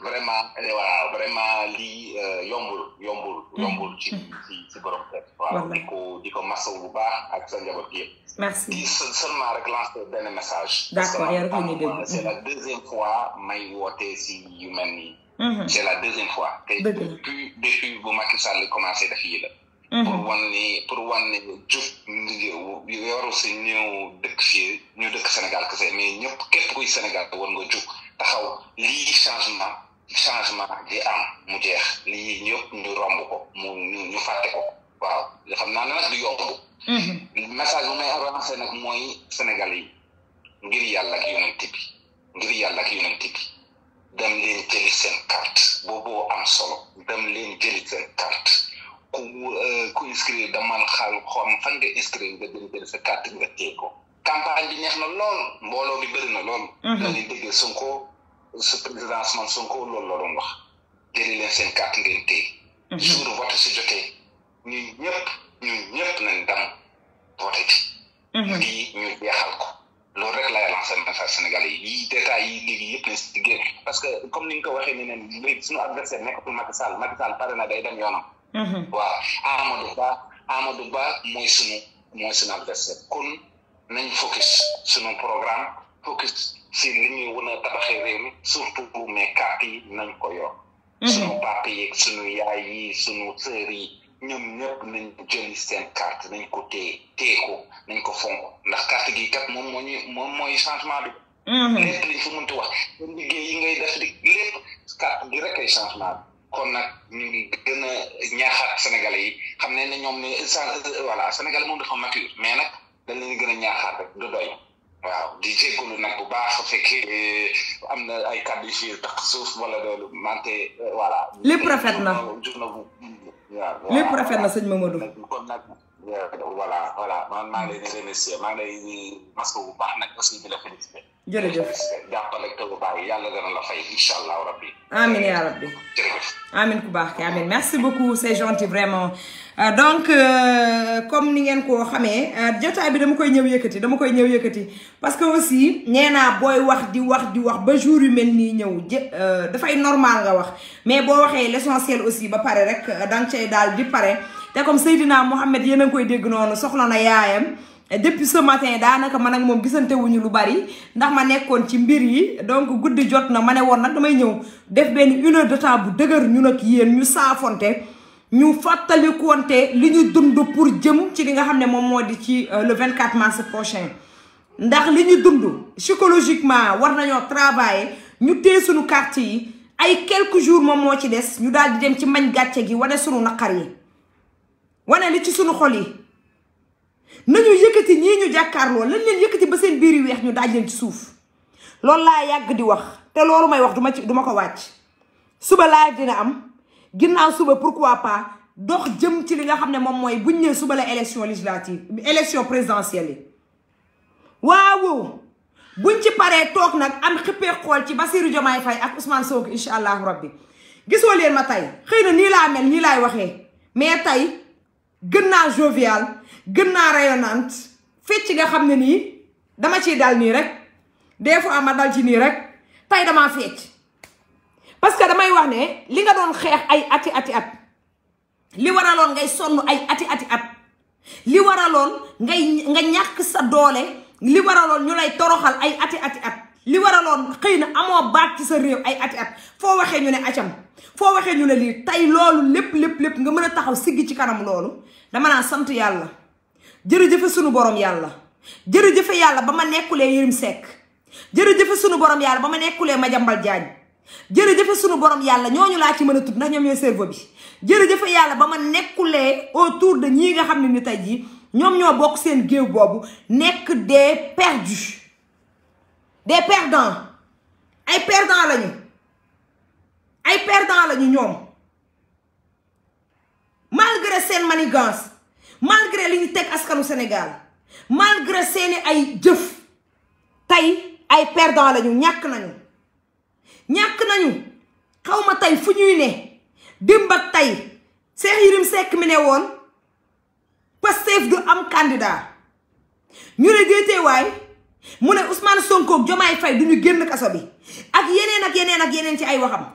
vraiment eh, vraiment lii euh, yombul yombul. Mm. yombul ci mm. ci ci borom kër. waaw di ko di bu baax ak sa njaboot yëpp. merci di seulement rek message. d'accord yàlla ko mm-hmm. mm-hmm. c'est la deuxième fois may wootee si yu mel nii. c'est la deuxième fois. dëgg la te depuis depuis bu Macky Sall commencé def yi la. Mm-hmm. pour wan ni pour wan ni jub yoru si ñëw dëkk fii ñu dëkk Sénégal kese mais ñëpp képp kuy Sénégal war nga jug taxaw lii changement. changement di am mu jeex lii ñëpp ñu romb ko mu ñu ñu fàtte ko waaw xam naa na du yomb. Mm-hmm. message nag mooy Sénégal yi ngir yàlla ak yonent bi ngir yàlla ak yonent bi dem leen jëli seen carte booboo am solo dem leen jëli sen carte ku euh, ku inscrire daman xaal xoom fan nga inscrire nga dem jëli sa carte ko campagne bi neex na lool mbooloo bi bëri na lool. Mm-hmm. da ngay dégg su président Ousmane Sonko loolu la doon wax génn leen seen carte ngeen téye mhm. jour vote su jotee ñun ñëpp ñun ñëpp nañ dem vote ji mhm. lii ñu jeexal ko loolu rek yi yii détails yi ni ko waxee ne neen léegi suñu adversaire nekkul Macky Sall Macky Sall pare na day dem yoonam mhm. waaw Ba Amadou Ba mooy suñu mooy suñu adversaire kon nañ focus suñu programme focus si li ñuy wan a tabaxee réew mi surtout mais carte yi nañ ko yor mhm. suñu papa yeeg suñu yaay yi suñu sœur yi ñoom ñëpp nañ jëli seen carte nañ ko té téye ko nañ ko fonk ndax carte gi kat moom moo moom mooy changement bi mhm. lépp liñ fa mënti wax liggéey yi ngay def di lépp carte gi rek ay changement bi kon nag ñu ngi gën a ñaaxaat sénégalais yi xam ne ne ñoom ne voilà sénégalais moom dafa mature mais nag dañ leen gën a ñaaxaat waaw di jégalu nag bu baax fekkee eh, am na ay kàddu yu si suuf wala loolu mante eh, voilà. lépp rafet na lépp rafet na sëñ Mamadou. kon nag. voilà voilà man maa ngi leen di remercier maa ngi lay bu baax nag aussi di jàppale te bu baax yàlla dana la fay incha allah rabbi. amiin yaa rabbi jërëjëf. amiin ku baax ki amiin merci beaucoup c'est gentil vraiment. Euh, donc euh, comme ni ngeen koo xamee euh, jotaay bi dama koy ñëw yëkkati dama koy ñëw parce que aussi nee booy wax di wax di wax ba jour yu mel nii ñëw jë dafay normal nga wax mais boo waxee l'essentiel aussi ba pare rek danga cay daal di pare. te comme Seydina Mohamed yéen a koy dégg noonu soxla na yaayam depuis ce matin daanaka man ak moom gisante wuñu lu bari ndax ma nekkoon ci mbir yi donc guddi jot na ma ne woon nag damay ñëw def benn une heure de temps bu dëgër ñu ak yéen ñu saafonte. ñu fàttalikoonte li ñu dund pour jëm ci li nga xam ne moom moo di ci euh, le 24 mars prochain ndax li ñu dund psychologiquement war nañoo travailler ñu téye suñu carte yi ay quelques jours moom moo ci des ñu daal di dem ci mañ gàcce gi wane suñu naqar yi. wane li ci suñu xol yi nañu yëkkati ñii ñu jàkkaarloo lañ leen yëkkati ba seen biir yu weex ñu daaj leen ci suuf loolu laa yàgg di wax te loolu may wax duma ci duma ko wàcc suba laa dina am ginnaaw suba pourquoi pas dox jëm ci li nga xam ne moom mooy buñ ne suba la élection législative élection présidentielle yi waaw buñ ci paree toog nag am xippee xool ci Bassirou Diomaye Faye ak Ousmane Sonko incha allahu rabbi gisoo leen ma tey xëy na nii laa mel nii laay waxee mais tey gën naa jovial gën naa rayonnante fecc nga xam ne nii dama ciy dal nii rek des fois ma dal ci nii rek tey damaa fecc parce que damay wax ne li nga doon xeex ay ati ati at li waraloon ngay sonn ay ati ati at li waraloon ngay nga ñàkk sa doole li waraloon ñu lay toroxal ay ati ati at li waraloon xëy na amoo baat sa réew ay ati at foo waxee ñu ne acam foo waxee ñu ne lii tey loolu lépp lépp lépp nga mën a taxaw siggi ci kanam loolu dama naan sant yàlla jërëjëfe sunu borom yàlla jërëjëfe yàlla ba ma nekkulee Yérim Seck jërëjëfe sunu borom yàlla ba ma nekkulee Madiambal Diagne jërëjëfe sunu borom yàlla ñoo ñu laa ci mën a tudd ndax ñoom ñooy cerveau bi jërëjëfe yàlla ba ma nekkulee autour de ñii nga xam ne ni tey jii ñoom ñoo bokk seen géew boobu nekk des perdus des perdants ay perdants lañu ay perdants lañu ñoom. malgré seen manigance malgré li ñu teg askanu Sénégal malgré seeni ay jëf tey ay perdant lañu ñàkk nañu ñàkk nañu xawma tey fu ñuy ne démb ak tey Cheikh Yérim sekk mi ne woon Pastef du am candidat ñu ne géetewaay mu ne Ousmane Sonko ak Jomaay Fay ñu génn kaso bi ak yeneen ak yeneen ak yeneen ci ay waxam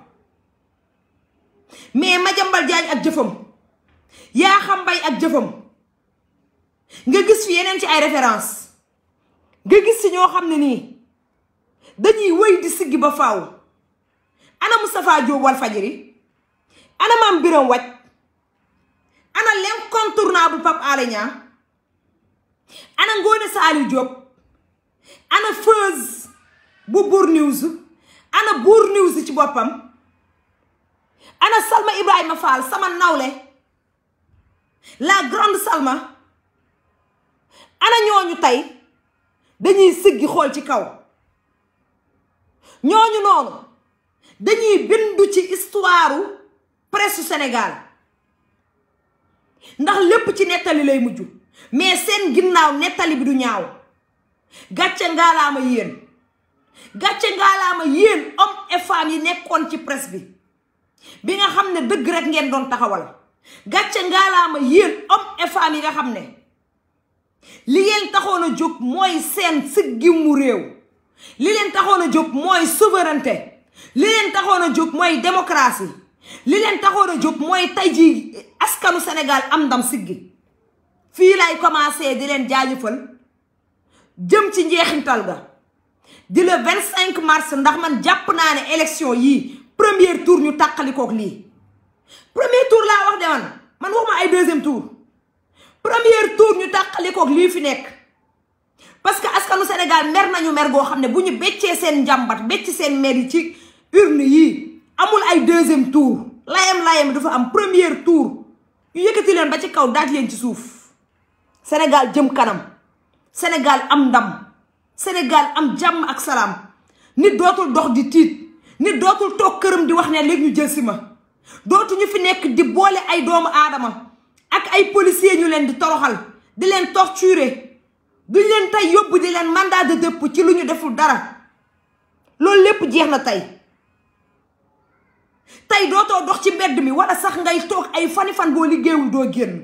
mais Madiambal Diagne ak jëfam yaa xam mbay ak jëfam nga gis fi yeneen ci ay référence nga gis ci ñoo xam ne nii dañuy wëy di siggi ba faaw ana Moustapha Diop Walfadjri ana Mame Birame Wathie ana l'incontournable Pape Alé Niang ana Ngoné Saliou Diop ana Feuz bu Bour ana Bour ci boppam ana Salma Ibrahima Fall sama nawle la grande Salma ana ñooñu tey dañuy siggi xool ci kaw ñooñu noonu dañuy bindu ci histoire presse Sénégal ndax lépp ci nettali lay mujj mais seen ginnaaw nettali bi du ñaaw gàcce ngaalaama yéen gàcce ngaalaama yéen hommes et yi nekkoon ci presse bi bi nga xam ne dëgg rek ngeen doon taxawal gàcce ngaalaama yéen hommes et femmes yi nga xam ne li leen taxoon a jóg mooy seen siggimu réew li leen taxoon a jóg mooy souveraineté li leen taxoon a jóg mooy démocratie li leen taxoon a jóg mooy tay jii askanu senegal am ndam siggi fii lay commencé di leen jaajëfal jëm ci njeexintal ga di le 25 mars ndax man jàpp naa ne élection yii premier tour ñu tàqalikook lii premier tour laa wax de man man waxuma ay deuxième tour premier tour ñu tàqalikook lii fi nekk parce que askanu Sénégal mer nañu mer goo xam ne bu ñu beccee seen njàmbat becc seen mer yi ci urne yii amul ay deuxième tour layam-layam dafa am premier tour ñu yëkkati leen ba ci kaw daaj leen ci suuf Sénégal jëm kanam Sénégal am ndam Sénégal am jàmm ak salaam nit dootul dox di tiit nit dootul toog këram di wax ne léegi ñu jël si ma dootuñu fi nekk di boole ay doomu aadama ak ay policiers ñu leen di toroxal di leen torturer duñ leen tey yóbbu di leen mandat de dépôt ci lu ñu deful dara loolu lépp jeex na tey tey dootoo dox ci mbedd mi wala sax ngay toog ay fani fan boo liggéeyul doo génn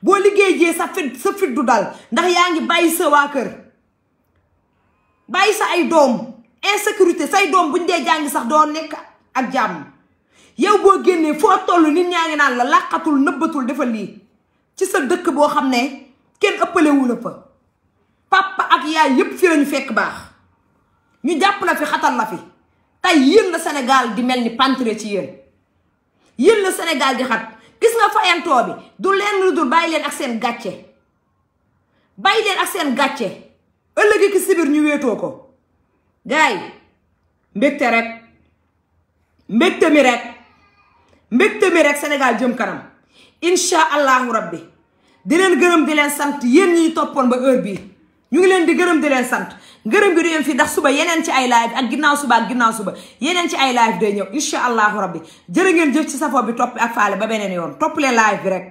boo liggéey jee sa fit sa fit du dal ndax yaa ngi bàyyi sa waa kër bàyyi sa ay doom insécurité say doom buñ dee jàngi sax doo nekk ak jàmm yow boo génnee foo toll nit ñaa ngi naan la làqatul nëbbatul defal lii ci sa dëkk boo xam ne kenn ëppalewu fa papa ak yaay yépp fi lañu fekk baax ñu jàpp la fi xatal la fi tey yéen la Sénégal di mel ni pantre ci yéen yéen na Sénégal di xat gis nga fayantoo bi du leen lu dul bàyyi leen ak seen gàcce bàyyi leen ak seen gàcce ëllëg ki sibir ñu weetoo ko gars yi rek mbégte mi rek mbégte mi rek Sénégal jëm kanam incha allahu rabbi di leen gërëm di leen sant yéen ñi toppoon ba heure bii ñu ngi leen di gërëm di leen sant gërëm bi du yem fii ndax suba yeneen ci ay live ak ginnaaw suba ak ginnaaw suba yeneen ci ay live day ñëw incha allahu rabbi jërë ngeen jëf ci safoo bi topp ak faale ba beneen yoon topp leen live bi rek.